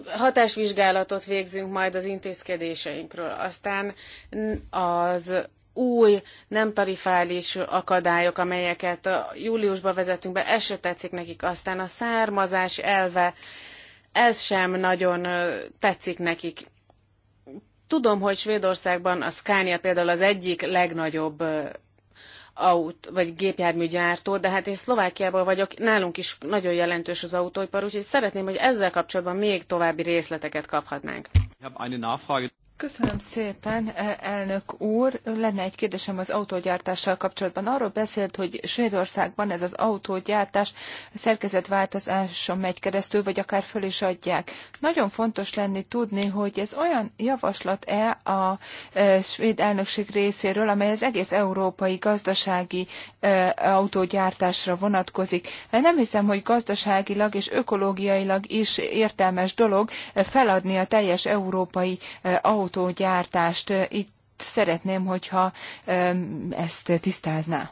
hatásvizsgálatot végzünk majd az intézkedéseinkről. Aztán az új nem tarifális akadályok, amelyeket júliusba vezetünk be, ez se tetszik nekik. Aztán a származás elve, ez sem nagyon tetszik nekik. Tudom, hogy Svédországban a Scania például az egyik legnagyobb aut, vagy gépjárműgyártó, de hát én Szlovákiából vagyok, nálunk is nagyon jelentős az autóipar, úgyhogy szeretném, hogy ezzel kapcsolatban még további részleteket kaphatnánk. Köszönöm szépen, e, elnök úr. Lenne egy kérdésem az autógyártással kapcsolatban. Arról beszélt, hogy Svédországban ez az autógyártás szerkezetváltozáson megy keresztül, vagy akár föl is adják. Nagyon fontos lenni tudni, hogy ez olyan javaslat-e a e, svéd elnökség részéről, amely az egész európai gazdasági e, autógyártásra vonatkozik. Nem hiszem, hogy gazdaságilag és ökológiailag is értelmes dolog feladni a teljes európai autógyártást autógyártást. Itt szeretném, hogyha ezt tisztázná.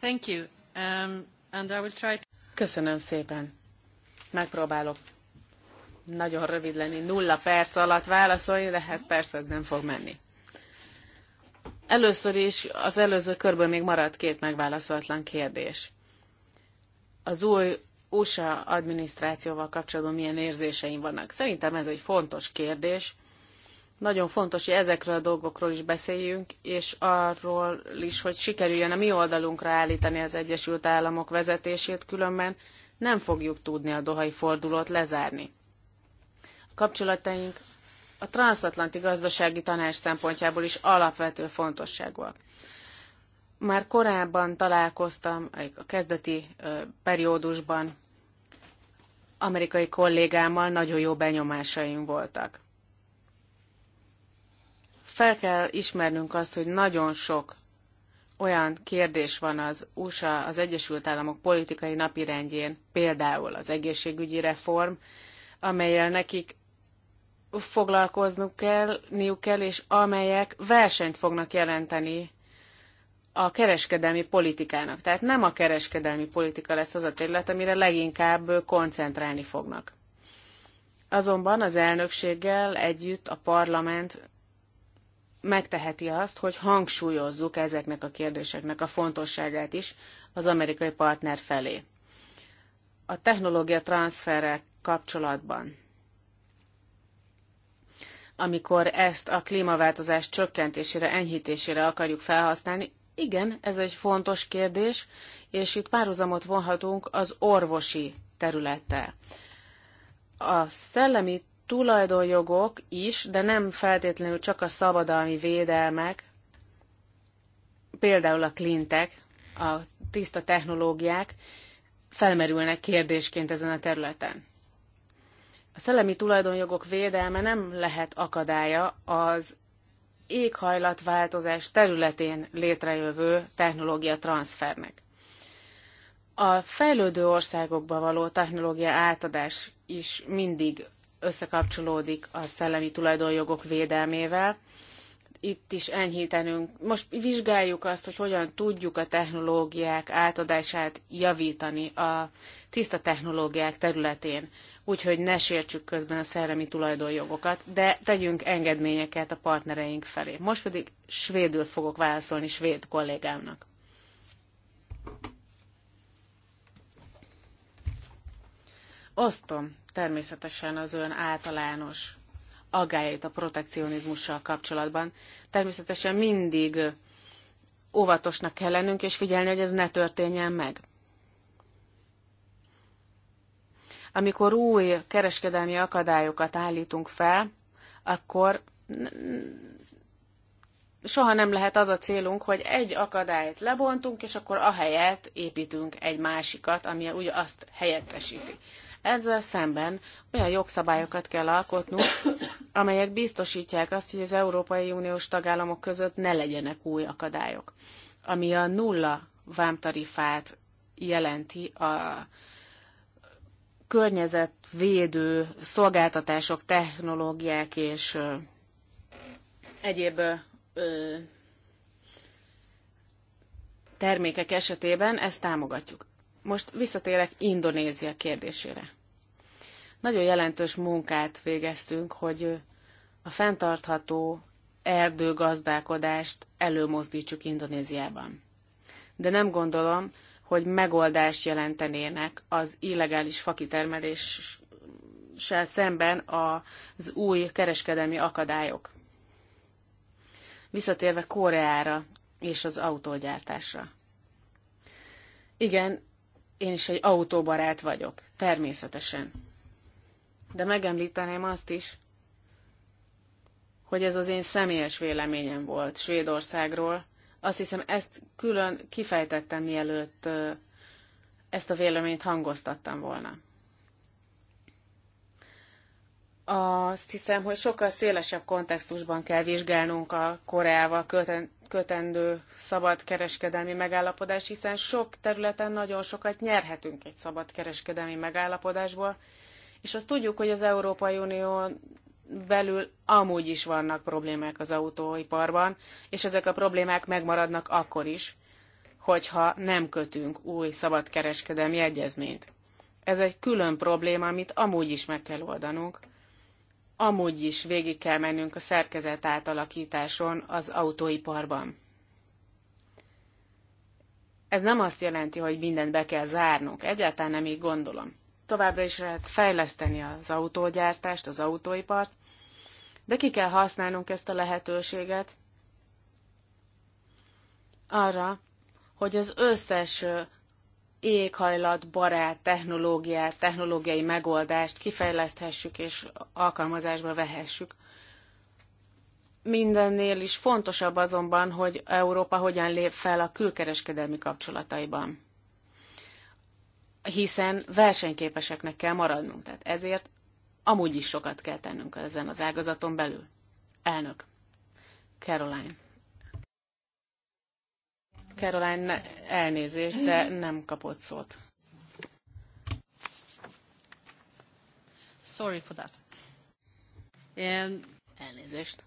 Thank you. Um, and I will try to... Köszönöm szépen. Megpróbálok nagyon rövid lenni, nulla perc alatt válaszolni, de hát persze ez nem fog menni. Először is az előző körből még maradt két megválaszolatlan kérdés az új USA adminisztrációval kapcsolatban milyen érzéseim vannak. Szerintem ez egy fontos kérdés. Nagyon fontos, hogy ezekről a dolgokról is beszéljünk, és arról is, hogy sikerüljön a mi oldalunkra állítani az Egyesült Államok vezetését, különben nem fogjuk tudni a dohai fordulót lezárni. A kapcsolataink a transatlanti gazdasági tanács szempontjából is alapvető fontosságúak már korábban találkoztam a kezdeti periódusban amerikai kollégámmal, nagyon jó benyomásaim voltak. Fel kell ismernünk azt, hogy nagyon sok olyan kérdés van az USA, az Egyesült Államok politikai napirendjén, például az egészségügyi reform, amelyel nekik foglalkoznunk kell, niuk kell, és amelyek versenyt fognak jelenteni a kereskedelmi politikának. Tehát nem a kereskedelmi politika lesz az a terület, amire leginkább koncentrálni fognak. Azonban az elnökséggel együtt a parlament megteheti azt, hogy hangsúlyozzuk ezeknek a kérdéseknek a fontosságát is az amerikai partner felé. A technológia transferrel kapcsolatban amikor ezt a klímaváltozás csökkentésére, enyhítésére akarjuk felhasználni, igen, ez egy fontos kérdés, és itt párhuzamot vonhatunk az orvosi területtel. A szellemi tulajdonjogok is, de nem feltétlenül csak a szabadalmi védelmek, például a klintek, a tiszta technológiák felmerülnek kérdésként ezen a területen. A szellemi tulajdonjogok védelme nem lehet akadálya az éghajlatváltozás területén létrejövő technológia transfernek. A fejlődő országokba való technológia átadás is mindig összekapcsolódik a szellemi tulajdonjogok védelmével, itt is enyhítenünk. Most vizsgáljuk azt, hogy hogyan tudjuk a technológiák átadását javítani a tiszta technológiák területén, úgyhogy ne sértsük közben a szellemi tulajdonjogokat, de tegyünk engedményeket a partnereink felé. Most pedig svédül fogok válaszolni svéd kollégámnak. Osztom természetesen az ön általános agályait a protekcionizmussal kapcsolatban. Természetesen mindig óvatosnak kell lennünk, és figyelni, hogy ez ne történjen meg. Amikor új kereskedelmi akadályokat állítunk fel, akkor soha nem lehet az a célunk, hogy egy akadályt lebontunk, és akkor ahelyett építünk egy másikat, ami ugye azt helyettesíti. Ezzel szemben olyan jogszabályokat kell alkotnunk, amelyek biztosítják azt, hogy az Európai Uniós tagállamok között ne legyenek új akadályok. Ami a nulla vámtarifát jelenti a környezetvédő szolgáltatások, technológiák és egyéb termékek esetében ezt támogatjuk. Most visszatérek Indonézia kérdésére. Nagyon jelentős munkát végeztünk, hogy a fenntartható erdőgazdálkodást előmozdítsuk Indonéziában. De nem gondolom, hogy megoldást jelentenének az illegális fakitermeléssel szemben az új kereskedelmi akadályok. Visszatérve Koreára és az autógyártásra. Igen, én is egy autóbarát vagyok, természetesen. De megemlíteném azt is, hogy ez az én személyes véleményem volt Svédországról. Azt hiszem, ezt külön kifejtettem, mielőtt ezt a véleményt hangoztattam volna. Azt hiszem, hogy sokkal szélesebb kontextusban kell vizsgálnunk a Koreával kötendő szabad kereskedelmi megállapodás, hiszen sok területen nagyon sokat nyerhetünk egy szabad kereskedelmi megállapodásból, és azt tudjuk, hogy az Európai Unió belül amúgy is vannak problémák az autóiparban, és ezek a problémák megmaradnak akkor is, hogyha nem kötünk új szabadkereskedelmi egyezményt. Ez egy külön probléma, amit amúgy is meg kell oldanunk, amúgy is végig kell mennünk a szerkezet átalakításon az autóiparban. Ez nem azt jelenti, hogy mindent be kell zárnunk, egyáltalán nem így gondolom. Továbbra is lehet fejleszteni az autógyártást, az autóipart, de ki kell használnunk ezt a lehetőséget arra, hogy az összes éghajlatbarát technológiát, technológiai megoldást kifejleszthessük és alkalmazásba vehessük. Mindennél is fontosabb azonban, hogy Európa hogyan lép fel a külkereskedelmi kapcsolataiban. Hiszen versenyképeseknek kell maradnunk, tehát ezért amúgy is sokat kell tennünk ezen az ágazaton belül. Elnök. Caroline. Caroline, elnézést, de nem kapott szót. Sorry for that. And elnézést.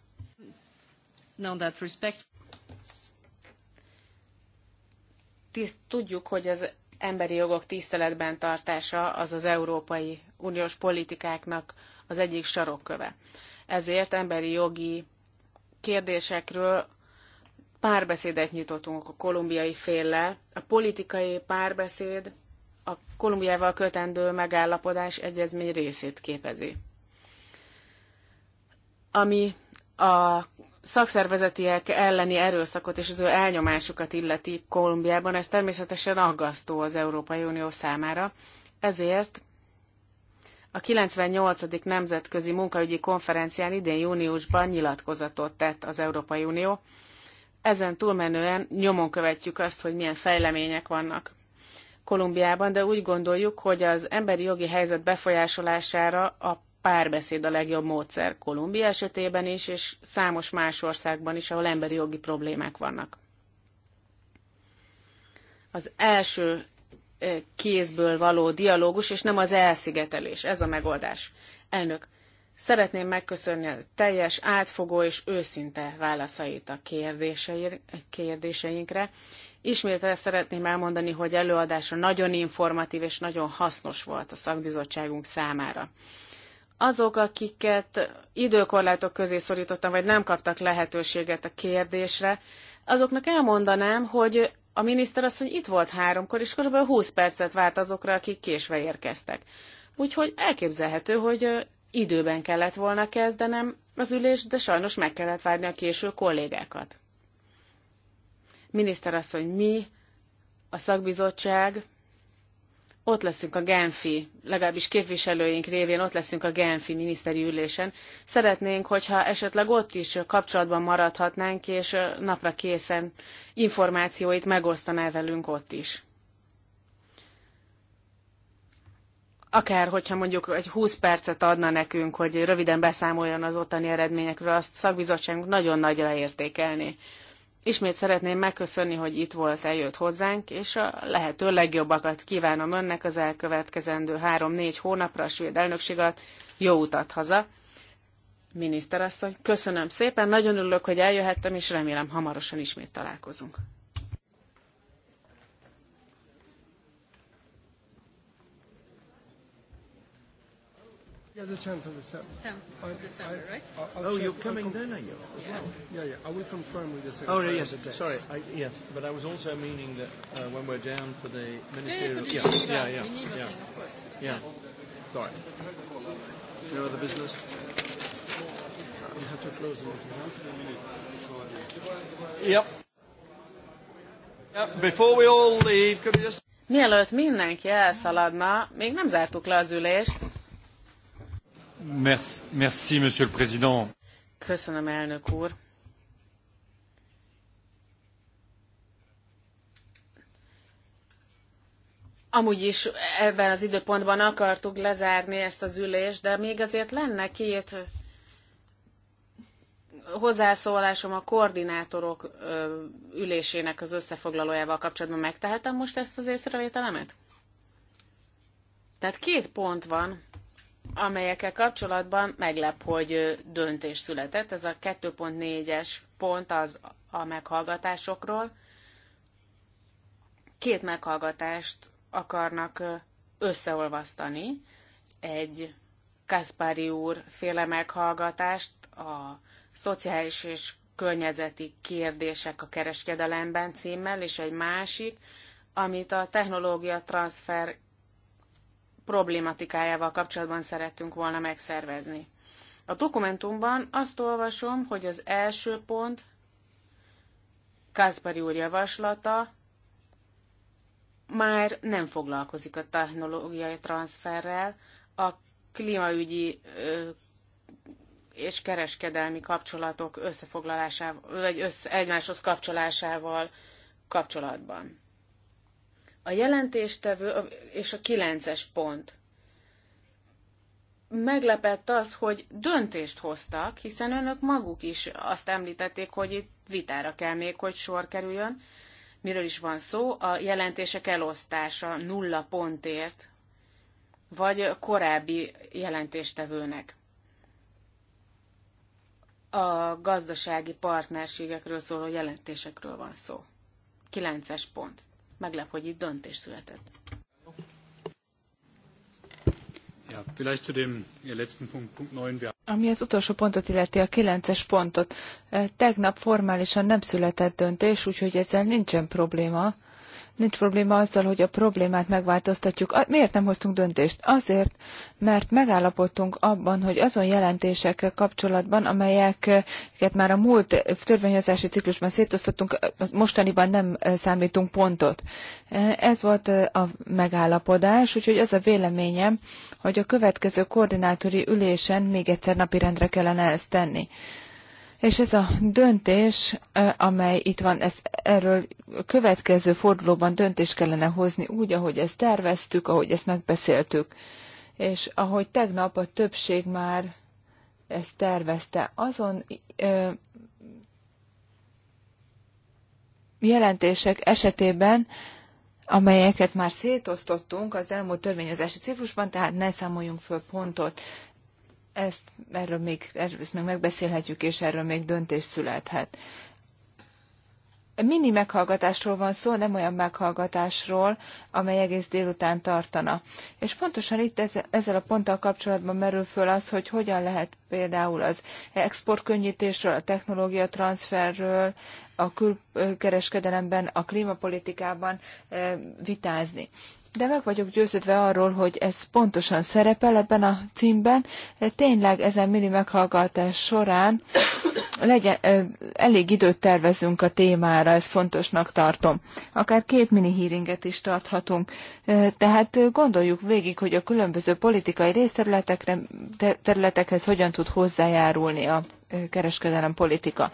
No, that respect. Tiszt, tudjuk, hogy az emberi jogok tiszteletben tartása az az Európai Uniós politikáknak az egyik sarokköve. Ezért emberi jogi kérdésekről párbeszédet nyitottunk a kolumbiai féllel. A politikai párbeszéd a Kolumbiával kötendő megállapodás egyezmény részét képezi. Ami a szakszervezetiek elleni erőszakot és az ő elnyomásukat illeti Kolumbiában, ez természetesen aggasztó az Európai Unió számára. Ezért a 98. Nemzetközi Munkaügyi Konferencián idén júniusban nyilatkozatot tett az Európai Unió, ezen túlmenően nyomon követjük azt, hogy milyen fejlemények vannak Kolumbiában, de úgy gondoljuk, hogy az emberi jogi helyzet befolyásolására a párbeszéd a legjobb módszer Kolumbia esetében is, és számos más országban is, ahol emberi jogi problémák vannak. Az első eh, kézből való dialógus, és nem az elszigetelés. Ez a megoldás. Elnök, Szeretném megköszönni a teljes, átfogó és őszinte válaszait a kérdéseinkre. Ismét el szeretném elmondani, hogy előadása nagyon informatív és nagyon hasznos volt a szakbizottságunk számára. Azok, akiket időkorlátok közé szorítottam, vagy nem kaptak lehetőséget a kérdésre, azoknak elmondanám, hogy a miniszter azt, hogy itt volt háromkor, és kb. 20 percet várt azokra, akik késve érkeztek. Úgyhogy elképzelhető, hogy Időben kellett volna kezdenem az ülést, de sajnos meg kellett várni a késő kollégákat. Miniszter asszony, mi, a szakbizottság, ott leszünk a Genfi, legalábbis képviselőink révén ott leszünk a Genfi miniszteri ülésen. Szeretnénk, hogyha esetleg ott is kapcsolatban maradhatnánk, és napra készen információit megosztaná velünk ott is. akár hogyha mondjuk egy 20 percet adna nekünk, hogy röviden beszámoljon az ottani eredményekről, azt szakbizottságunk nagyon nagyra értékelni. Ismét szeretném megköszönni, hogy itt volt, eljött hozzánk, és a lehető legjobbakat kívánom önnek az elkövetkezendő három-négy hónapra a svéd elnökség alatt. Jó utat haza! Miniszterasszony, köszönöm szépen, nagyon örülök, hogy eljöhettem, és remélem hamarosan ismét találkozunk. Yeah, the 10th of December. 10th of I, December, I, right? I'll, I'll oh, check, you're coming then, are you? As yeah. Well? yeah, yeah. I will confirm with the oh, secretary. Oh, no, yes. The Sorry, I, yes. But I was also meaning that uh, when we're down for the ministerial. Yeah, yeah, for the yeah, yeah, yeah. Geneva yeah. Thing, of Yeah. yeah. Sorry. No other business. We have to close the meeting. Yep. Yep. Before we all leave, could we just. Mielőtt mindenki elszaladna, még nem zártuk le az ülést, Merci, merci, Monsieur le Président. Köszönöm, elnök úr. Amúgy is ebben az időpontban akartuk lezárni ezt az ülést, de még azért lenne két hozzászólásom a koordinátorok ülésének az összefoglalójával kapcsolatban. Megtehetem most ezt az észrevételemet? Tehát két pont van, amelyekkel kapcsolatban meglep, hogy döntés született. Ez a 2.4-es pont az a meghallgatásokról. Két meghallgatást akarnak összeolvasztani. Egy Kaspari úr féle meghallgatást a szociális és környezeti kérdések a kereskedelemben címmel, és egy másik, amit a technológia transfer problématikájával kapcsolatban szerettünk volna megszervezni. A dokumentumban azt olvasom, hogy az első pont Kaspari úr javaslata már nem foglalkozik a technológiai transferrel, a klímaügyi és kereskedelmi kapcsolatok összefoglalásával, vagy össze, egymáshoz kapcsolásával kapcsolatban. A jelentéstevő és a kilences pont. Meglepett az, hogy döntést hoztak, hiszen önök maguk is azt említették, hogy itt vitára kell még, hogy sor kerüljön. Miről is van szó? A jelentések elosztása nulla pontért, vagy korábbi jelentéstevőnek a gazdasági partnerségekről szóló jelentésekről van szó. kilences pont meglep, hogy itt döntés született. Ami az utolsó pontot illeti, a kilences pontot. Tegnap formálisan nem született döntés, úgyhogy ezzel nincsen probléma. Nincs probléma azzal, hogy a problémát megváltoztatjuk. Miért nem hoztunk döntést? Azért, mert megállapodtunk abban, hogy azon jelentésekkel kapcsolatban, amelyeket már a múlt törvényhozási ciklusban szétosztottunk, mostaniban nem eh, számítunk pontot. Eh, ez volt eh, a megállapodás, úgyhogy az a véleményem, hogy a következő koordinátori ülésen még egyszer napirendre kellene ezt tenni. És ez a döntés, amely itt van, ez erről következő fordulóban döntést kellene hozni úgy, ahogy ezt terveztük, ahogy ezt megbeszéltük. És ahogy tegnap a többség már ezt tervezte, azon jelentések esetében, amelyeket már szétosztottunk az elmúlt törvényezési ciklusban, tehát ne számoljunk föl pontot ezt, erről még, ezt még megbeszélhetjük, és erről még döntés születhet. Mini meghallgatásról van szó, nem olyan meghallgatásról, amely egész délután tartana. És pontosan itt ezzel a ponttal kapcsolatban merül föl az, hogy hogyan lehet például az exportkönnyítésről, a technológia transferről, a külkereskedelemben, a klímapolitikában eh, vitázni de meg vagyok győződve arról, hogy ez pontosan szerepel ebben a címben. E, tényleg ezen mini meghallgatás során legyen, e, elég időt tervezünk a témára, ez fontosnak tartom. Akár két mini híringet is tarthatunk. E, tehát gondoljuk végig, hogy a különböző politikai részterületekre, területekhez hogyan tud hozzájárulni a kereskedelem politika.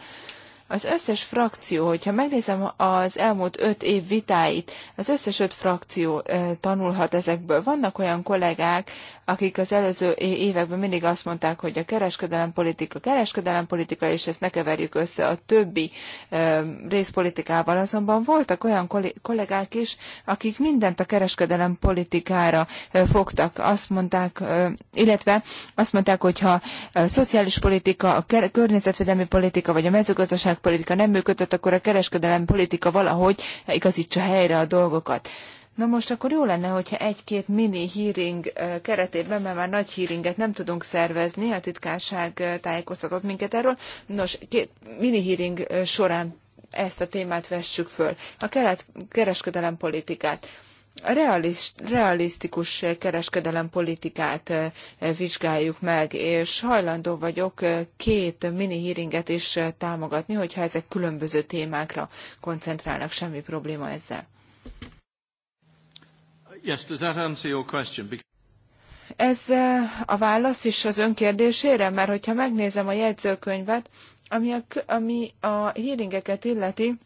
Az összes frakció, hogyha megnézem az elmúlt öt év vitáit, az összes öt frakció tanulhat ezekből. Vannak olyan kollégák, akik az előző években mindig azt mondták, hogy a kereskedelempolitika, kereskedelempolitika, és ezt ne keverjük össze a többi részpolitikával, azonban voltak olyan kollégák is, akik mindent a kereskedelempolitikára fogtak, azt mondták, illetve azt mondták, hogy ha a szociális politika, a környezetvédelmi politika vagy a mezőgazdaságpolitika nem működött, akkor a kereskedelempolitika valahogy igazítsa helyre a dolgokat. Na most akkor jó lenne, hogyha egy-két mini hearing keretében, mert már nagy hearinget nem tudunk szervezni, a titkárság tájékoztatott minket erről. Nos, két mini hearing során ezt a témát vessük föl. A kelet, kereskedelem politikát. A realisztikus kereskedelem politikát vizsgáljuk meg, és hajlandó vagyok két mini hearinget is támogatni, hogyha ezek különböző témákra koncentrálnak, semmi probléma ezzel. Yes, does that answer your question? Ez eh, a válasz is az ön kérdésére, mert hogyha megnézem a jegyzőkönyvet, ami a, ami a hearingeket illeti,